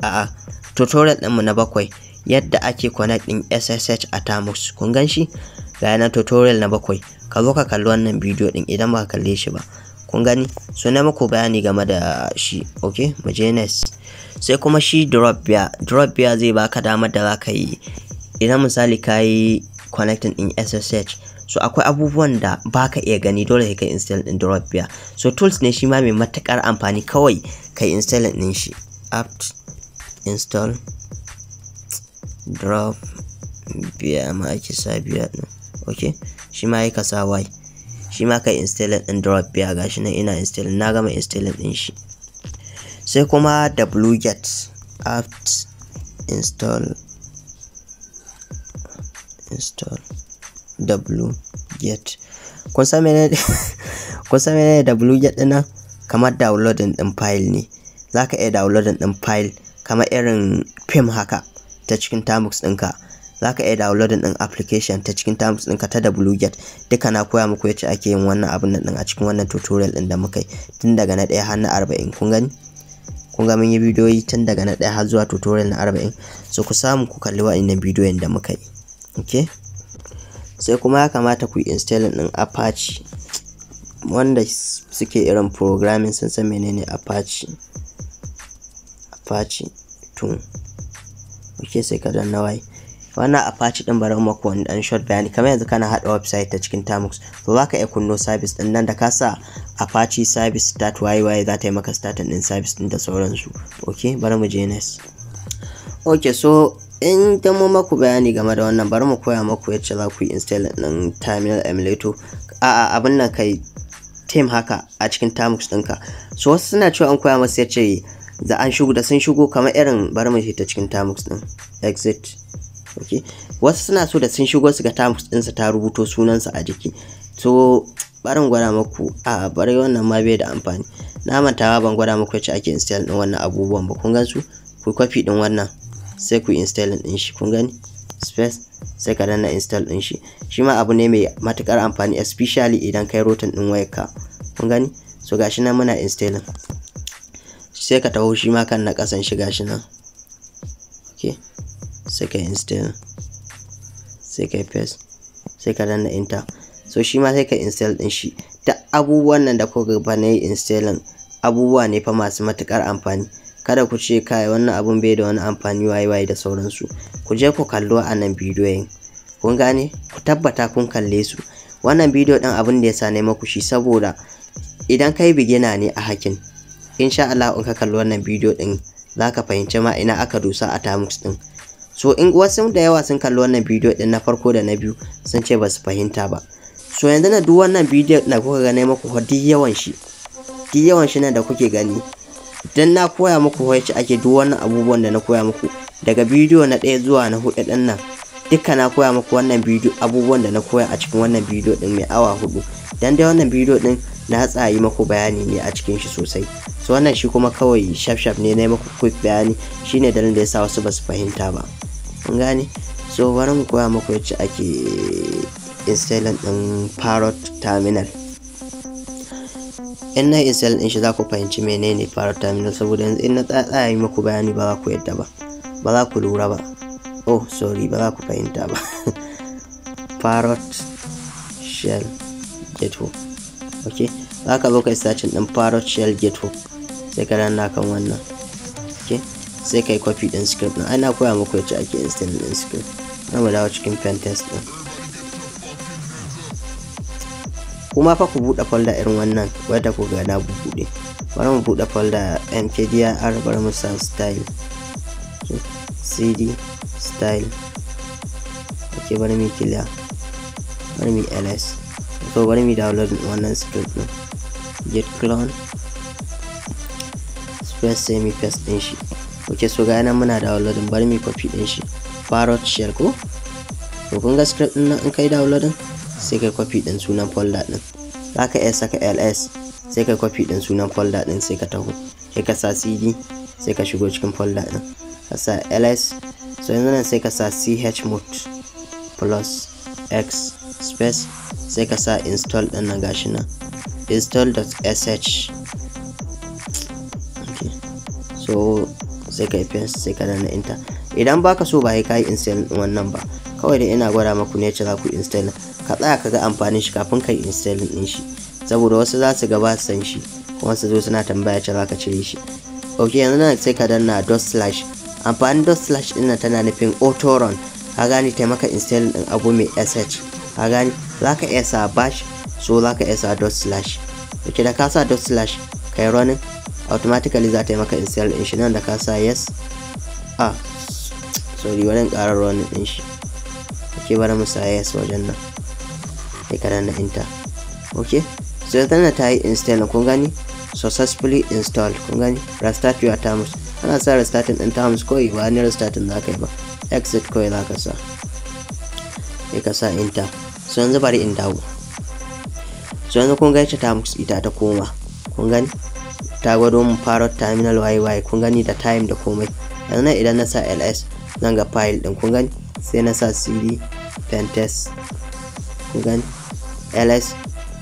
a'a tutorial ɗinmu na bakwai yadda ake connecting ssh a tamus kun gan shi ga yana tutorial na bakwai ka zo ka kalli wannan bidiyo ɗin idan ba ka kalle shi ba kun gani so na muku bayani game da shi ok mu je next sai kuma shi drop biya drop biya zai baka damar da zaka yi idan misali ka yi connecting in ssh so akwai abubuwan da baka iya gani dole ka install din dropware so tools ne shi ma mai matakar amfani kawai ka install din shi apt install drop biya ma ake sa biya din okay shi ma ka sa y shi ma ka install din drop biya gashi nan ina install na gama install din shi sai kuma wget apt install install wget kun san menene wget ɗin nan kamar downloading din file ne za ka iya downloading din file kamar irin fim haka ta cikin tamux dinka za ka iya downloading din application ta cikin tamux ɗinka ta wget duka na koya muku yace ake yin wannan abun nan a cikin wannan tutorial din da muka yi tun daga na ɗaya har na arba'in kun gani kun ga mun yi bidiyoyi tun daga na ɗaya har zuwa tutorial na arba'in so ku samu ku kalli wa'innan bidiyoyin da muka yi okay sai kuma ya kamata ku install installing ɗin apache wanda suke irin programming sun san menene apache apache 2 okay sai ka danna y wannan apache din bari maku wani dan short bayani kamar yanzu kana hada website ta cikin tamux to zaka iya kunno service din nan da ka sa apache service start yy za ta yi maka starting din service din da sauransu okay bari mu je next okay so in ta mu maku bayani game da wannan bari mu koya maku yacce za ku yi install ɗin terminal emulator a'a abin nan kai tem haka a cikin tamux ɗinka so wasu suna cewa an koya masu yace da an shigo da sun shigo kamar irin bari mu ta cikin tamux ɗin exit okay wasu suna so da sun shigo su ga tamux ɗinsa ta rubuto sunansa a jiki so barin gwada maku a bari wannan ma bai da amfani na mantawa ban gwada maku yace ake install din wannan abubuwan ba kun gan su ku kwafi ɗin wannan sai ku install din shi kun gani space sai ka danna install din shi shi ma abu ne mai matukar amfani especially idan kai rotan din wayarka kun gani so gashi nan muna installing sai ka taho shi ma kan na kasan shi gashi nan okay sai ka install sai ka paste sai ka danna enter so shi ma sai ka install din shi ta abubuwan nan da kuka ba na installing abubuwa ne fa masu matukar amfani kada ku ce kai wannan abun bai da wani amfani waye waye da sauransu ku je ku kallo a nan bidiyoyin kun gane ku tabbata kun kalle su wannan bidiyo din abin da ya sa maku shi saboda idan kai bigina ne a hakin insha Allah in ka kalli wannan bidiyo din zaka fahimci ma ina aka dosa a Tamux din so in wasu da yawa sun kalli wannan bidiyo din na farko da na biyu sun ce ba su fahimta ba so yanzu na duk wannan bidiyo da kuka ga maku duk yawan shi duk yawan shi ne da kuke gani dan na koya muku wacce ake duk wannan abubuwan da na koya muku daga bidiyo na ɗaya zuwa na hudu ɗin nan duka na koya muku wannan bidiyo abubuwan da na koya a cikin wannan bidiyo ɗin mai awa hudu dan dai wannan bidiyo ɗin na tsayi muku bayani ne a cikin shi sosai so wannan shi kuma kawai shaf shaf ne na muku quick bayani shine dalilin da yasa wasu basu fahimta ba kun gane so bari mu koya muku yacce ake installing din parrot terminal yan na isel din shi za ku fahimci menene terminal saboda yanzu in na tsaya yi muku bayani ba za ku yadda ba ba za ku lura ba oh sorry ba za ku fahimta ba parrot shell gateway ok za ka zo kai searching din parrot shell gateway sai ka ranna kan wannan ok sai kai copy din script din ana koya muku yace ake install din script na mu dawo cikin pentest din kuma fa ku buɗe folda irin wannan wadda ku ga na buɗe bari mu buɗe folda mkdir bari mu sa style cd style ok bari mu clear bari mu ls so bari mu download wannan script ɗin get clone space semi paste ɗin shi ok so ga nan muna downloading bari mu copy ɗin shi parrot shell ko to kun ga script ɗin nan in kai downloading sai kai copy ɗin sunan folder ɗin zaka iya saka ls sai kai copy ɗin sunan folder ɗin sai ka taho sai ka sa cd sai ka shigo cikin folder ɗin ka sa ls so yanzu nan sai ka sa chmod plus x space sai ka sa install ɗin na gashi nan install.sh okay. so sai ka paste sai ka dana enter idan baka so ba kai install wannan ba kawai da ina gwada maku ne za ku install ka tsaya ka ga amfanin shi kafin ka yi installing din shi saboda wasu za su gaba san shi kuma su zo suna tambaya ce za ka cire shi ok yanzu nan sai ka danna dot slash amfanin dot slash din nan tana nufin auto run ka gane taimaka installing din abu mai sh ka gani za ka iya sa bash so za ka iya sa dot slash ok da ka sa dot slash kai running automatically za ta yi maka install din shi nan da ka sa yes ah sorry wani karar running din shi ke bari mu sa yes wajen nan sai ka na enter ok so ya tana ta yi install kun gani successfully installed kun gani restart your terms ana sa restarting din terms kawai ba ni restarting za ka yi ba exit kawai za ka sa sai ka sa enter so yanzu bari in dawo so yanzu kun gani ta terms ita ta koma kun gani ta gwado mu faro terminal yy kun gani da time da komai yanzu idan na sa ls zan ga file din kun gani sai na sa cd pentest ls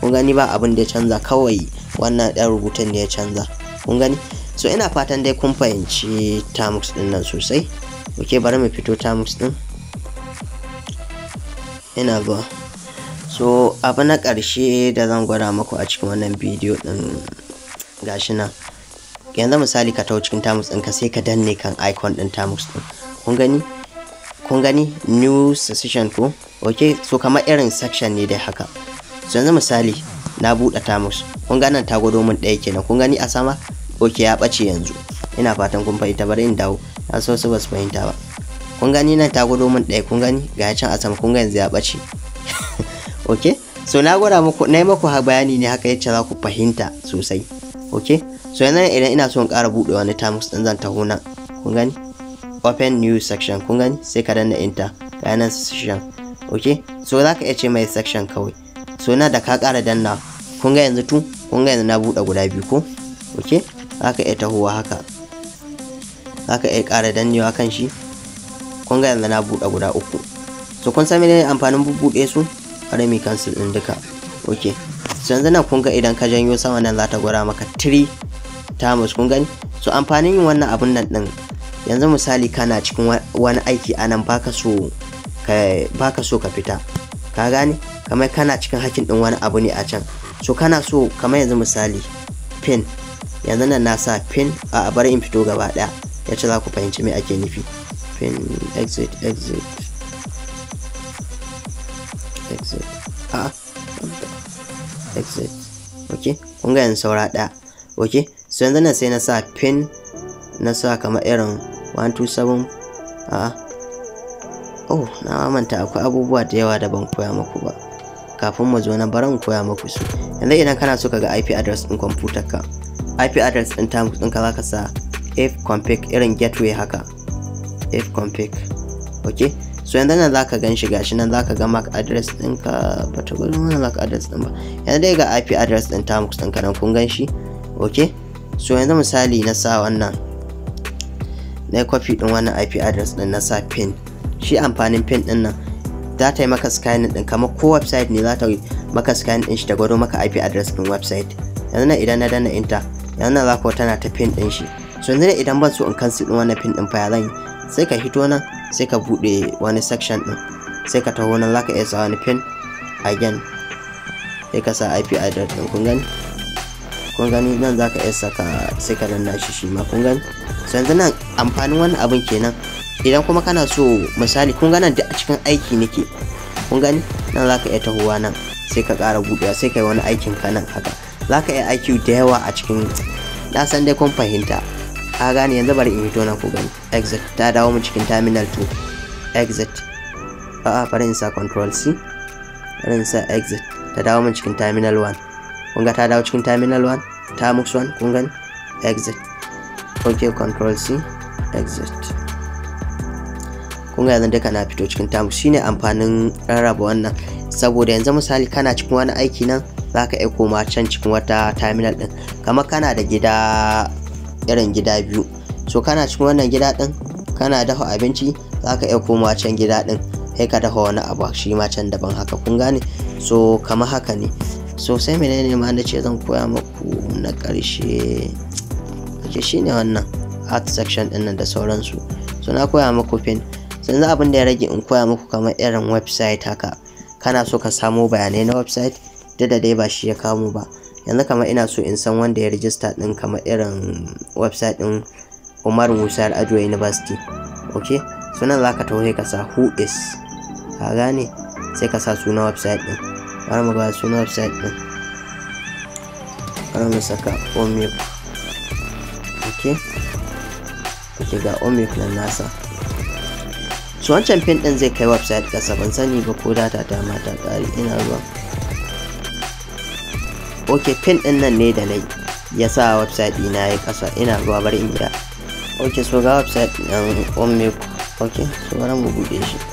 ku gani ba abin da ya canza kawai wannan ɗan rubutun da ya canza ku gani so ina fatan dai kun fahimci tamux din nan sosai ok bari mu fito tamux din ina zuwa so abu na karshe da zan gwada maku a cikin wannan bidiyo din gashi nan yanzu misali ka tau cikin tamux ka sai ka danne kan icon ɗin tamux ɗin kun gani kun gani new session ko ok so kama irin section ne dai haka so yanzu misali na buɗe tamus kun ga nan ta gwado ɗaya kenan kun gani a sama ok ya ɓace yanzu ina fatan kun fahimta bari in dawo na so su basu fahimta ba kun gani nan ta gwado ɗaya kun gani ga can a sama kun ga yanzu ya ɓace ok so na gwada muku na yi muku bayani ne haka yacce za ku fahimta sosai ok so yanzu idan ina so in ƙara buɗe wani tamus ɗin zan taho nan kun gani open new section kun gani sai ka danna enter ga nan section okay so za ka iya ce mai section kawai so na da ka kara danna kun ga yanzu tu kun ga yanzu na buɗe guda biyu ko okay za ka iya tahowa haka za ka iya kara dannewa kan shi kun ga yanzu na buɗe guda uku so kun san menene amfanin bubbuɗe su bari mi cancel ɗin duka okay so yanzu nan kun ga idan ka janyo sama nan za ta gwada maka 3 times kun gani so amfanin yin wannan abun nan din. yanzu misali kana cikin wani aiki a nan baka so ka so ka fita ka gane kamar kana cikin hakin din wani abu ne a can so kana so kamar yanzu misali pin yanzu nan na sa pin a bari in fito gaba daya ya ce za ku fahimci me ake nufi pin exit exit exit a exit ok kun ga yanzu saura daya ok so yanzu nan sai na sa pin na sa kamar irin 127 a ah. oh na manta akwai abubuwa da yawa da ban koya muku ba kafin mu zo na baran koya muku su yanzu idan kana so ka ga IP address din computer ka IP address din tamu din ka zaka sa fconfig irin gateway haka fconfig okay so yanzu nan zaka gan shi gashi nan zaka ga MAC address ɗinka ba ta gudu mana MAC address ɗin ba yanzu dai ga IP address ɗin Tamux ɗinka nan kun gan shi okay so yanzu misali na sa wannan na yi kwafi ɗin wannan IP address ɗin na sa pin shi amfanin pin ɗin nan za ta yi maka scanning ɗin kamar ko website ne za ta yi maka scanning ɗin shi ta gwado maka IP address ɗin website yanzu nan idan na danna enter yanzu nan za ku tana ta pin ɗin shi so yanzu idan ban so in cancel ɗin wannan pin ɗin fa zan sai ka hito nan sai ka buɗe wani section ɗin sai ka taho nan za ka iya sa wani pin again sai ka sa IP address ɗin kun gani kun gani nan zaka iya saka sai ka danna shi shi ma kun gani so yanzu nan amfanin wannan abin kenan idan kuma kana so misali kun gani duk a cikin aiki nake kun gani nan zaka iya tahowa nan sai ka ƙara buɗewa sai ka yi wani aikin ka nan haka zaka iya aiki da yawa a cikin na san dai kun fahimta ka gane yanzu bari in hito nan ku gani exit ta dawo mu cikin terminal 2 exit a'a bari in sa control c bari in sa exit ta dawo mu cikin terminal 1 kun ga ta dawo cikin terminal 1 ta mux 1 kun gani exit ok control c exit kun ga yanzu duka na fito cikin tamu shine amfanin rarraba wannan saboda yanzu misali kana cikin wani aiki nan za ka aiko ma can cikin wata terminal din kamar kana da gida irin gida biyu so kana cikin wannan gida din kana dafa abinci za ka aiko ma can gida din sai ka dafa wani abu shi ma can daban haka kun gane so kamar haka ne sosai menene ma na ce zan koya muku na ƙarshe ake shine wannan art section ɗin nan da sauransu so na koya muku pin yanzu abin da ya rage in koya muku kamar irin website haka kana so ka samo bayanai na website da da dai ba shi ya kamo ba yanzu kamar ina so in san wanda ya rijista ɗin kamar irin website ɗin umar musa ajo university ok sunan za ka tauye ka sa who is ka gane sai ka sa suna website ɗin bari mu ga suna website din bari mu saka omip ok ok ga omip na nasa su wancan pin din zai kai website kasa ban sani ba ko data ta mata kari ina ruwa ok pin din nan ne da nai ya sa website dina ya kasa ina ruwa bari in gida ok so ga website din omip ok so bari mu bude shi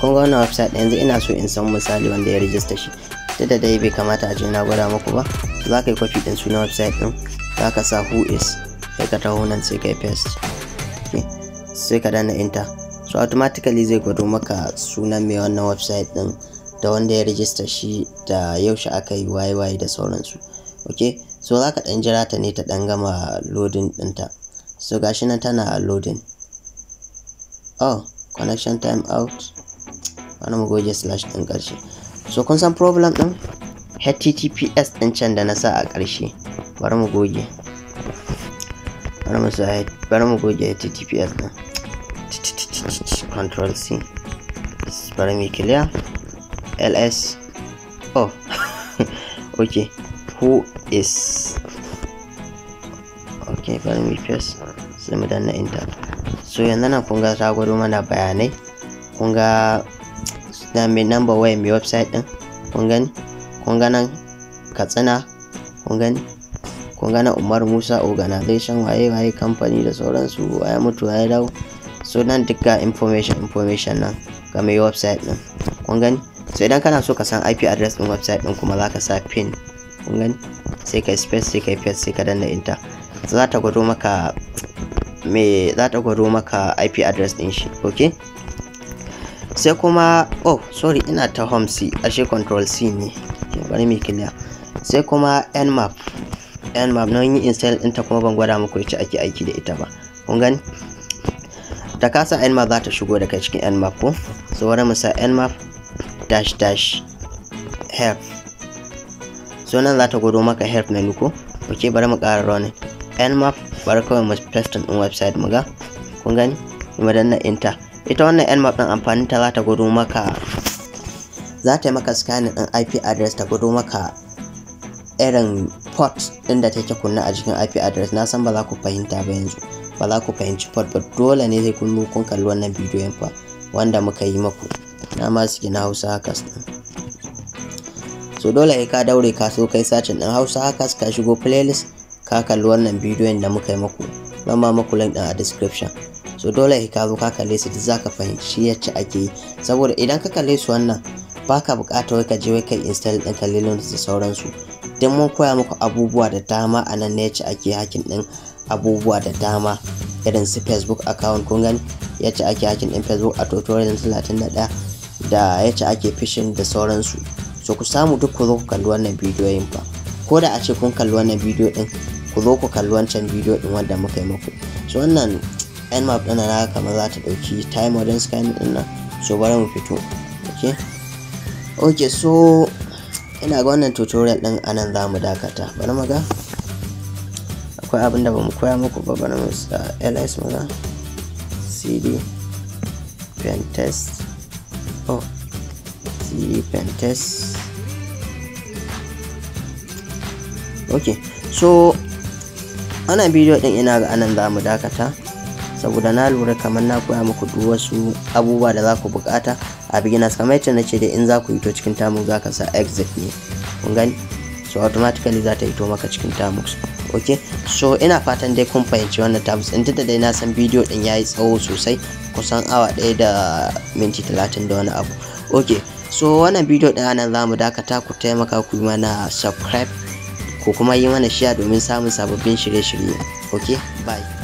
kun ga wannan website yanzu ina so in san misali wanda ya register shi ta da dai bai kamata a je na gwada muku ba za ka yi kwafi din sunan website din za ka sa who is sai ka taho nan sai ka yi paste sai ka dana enter so automatically zai gwado maka suna mai wannan website din da wanda ya register shi da yaushe aka yi yy da sauransu ok so za ka ɗan jira ta ne ta ɗan gama loading dinta so gashi nan tana loading oh connection time out wani mu goge slash ɗin ƙarshe so kun san problem ɗin https ɗin can da na sa a ƙarshe bari mu goge bari mu goge https ɗin control c bari mu clear ls oh okay who is okay bari mu paste sai mu danna enter so yanzu nan kun ga ta gwado mana bayanai kun ga da mai number waya mai website din kun gani kun ganan katsina kun gani kun gana umar musa organization waye waye company da sauransu waye mutu waye dawo so nan duka information information nan ga mai website din kun gani so idan kana so ka san ip address din website din kuma zaka sa pin kun gani sai ka space sai ka paste sai ka danna enter za ta gwado maka me za ta gwado maka ip address din shi okay sai kuma oh sorry ina ta home c ashe control c ne bari mai kiliya sai kuma nmap nmap na yi install ɗinta kuma ban gwada muku yace ake aiki da ita ba kun gani ta kasa nmap za ta shigo daga cikin nmap ko so bari mu sa nmap dash dash help so nan za ta gwado maka help menu ko ok bari mu ƙara running nmap bari kawai mu paste ɗin website mu ga kun gani mu danna enter ita wannan nmap din amfanin ta za ta gudu maka za ta yi maka scanning din ip address ta gudu maka irin port din da take kunna a jikin ip address na san ba za ku fahimta ba yanzu ba za ku fahimci port ba dole ne zai kun kun kalli wannan bidiyon fa wanda muka yi maku na ma suke na hausa din so dole ka daure ka so kai sacin din hausa haka ka shigo playlist ka kalli wannan bidiyon da muka yi maku zan ma maku link din a description so dole ka zo ka kalle su da zaka fahimci yacce ake yi saboda idan ka kalle su wannan baka bukata wai ka je wai kai install din kalilon da sauransu don mun koya muku abubuwa da dama a nan ne yacce ake hakin din abubuwa da dama irin su facebook account kun gani yacce ake hakin din facebook a tutorial 31 da yacce ake phishing da sauransu so ku samu duk ku zo ku kalli wannan bidiyoyin fa ko da a ce kun kalli wannan bidiyo din ku zo ku kalli wancan bidiyo din wanda muka yi muku so wannan scan map ɗin na kamar za ta ɗauki time wajen scanning ɗin nan so bari mu fito ok ok so ina ga wannan tutorial ɗin a nan za mu dakata bari mu ga akwai abin da ba mu koya muku ba bari mu sa ls mu ga cd pen test oh cd pen test ok so ana bidiyo ɗin ina ga anan za mu dakata saboda na lura kamar na koya muku duk wasu abubuwa da za ku bukata a beginners kamar yadda na ce da in za ku to cikin tamu za ka sa exit ne kun gani so automatically za ta to maka cikin tamu ok so ina fatan dai kun fahimci wannan tamus in da dai na san bidiyo din ya yi tsawo sosai kusan awa ɗaya da minti talatin da wani abu ok so wannan bidiyo din anan za mu dakata ku taimaka ku yi mana subscribe ko kuma yi mana share domin samun sababbin shirye-shirye ok bye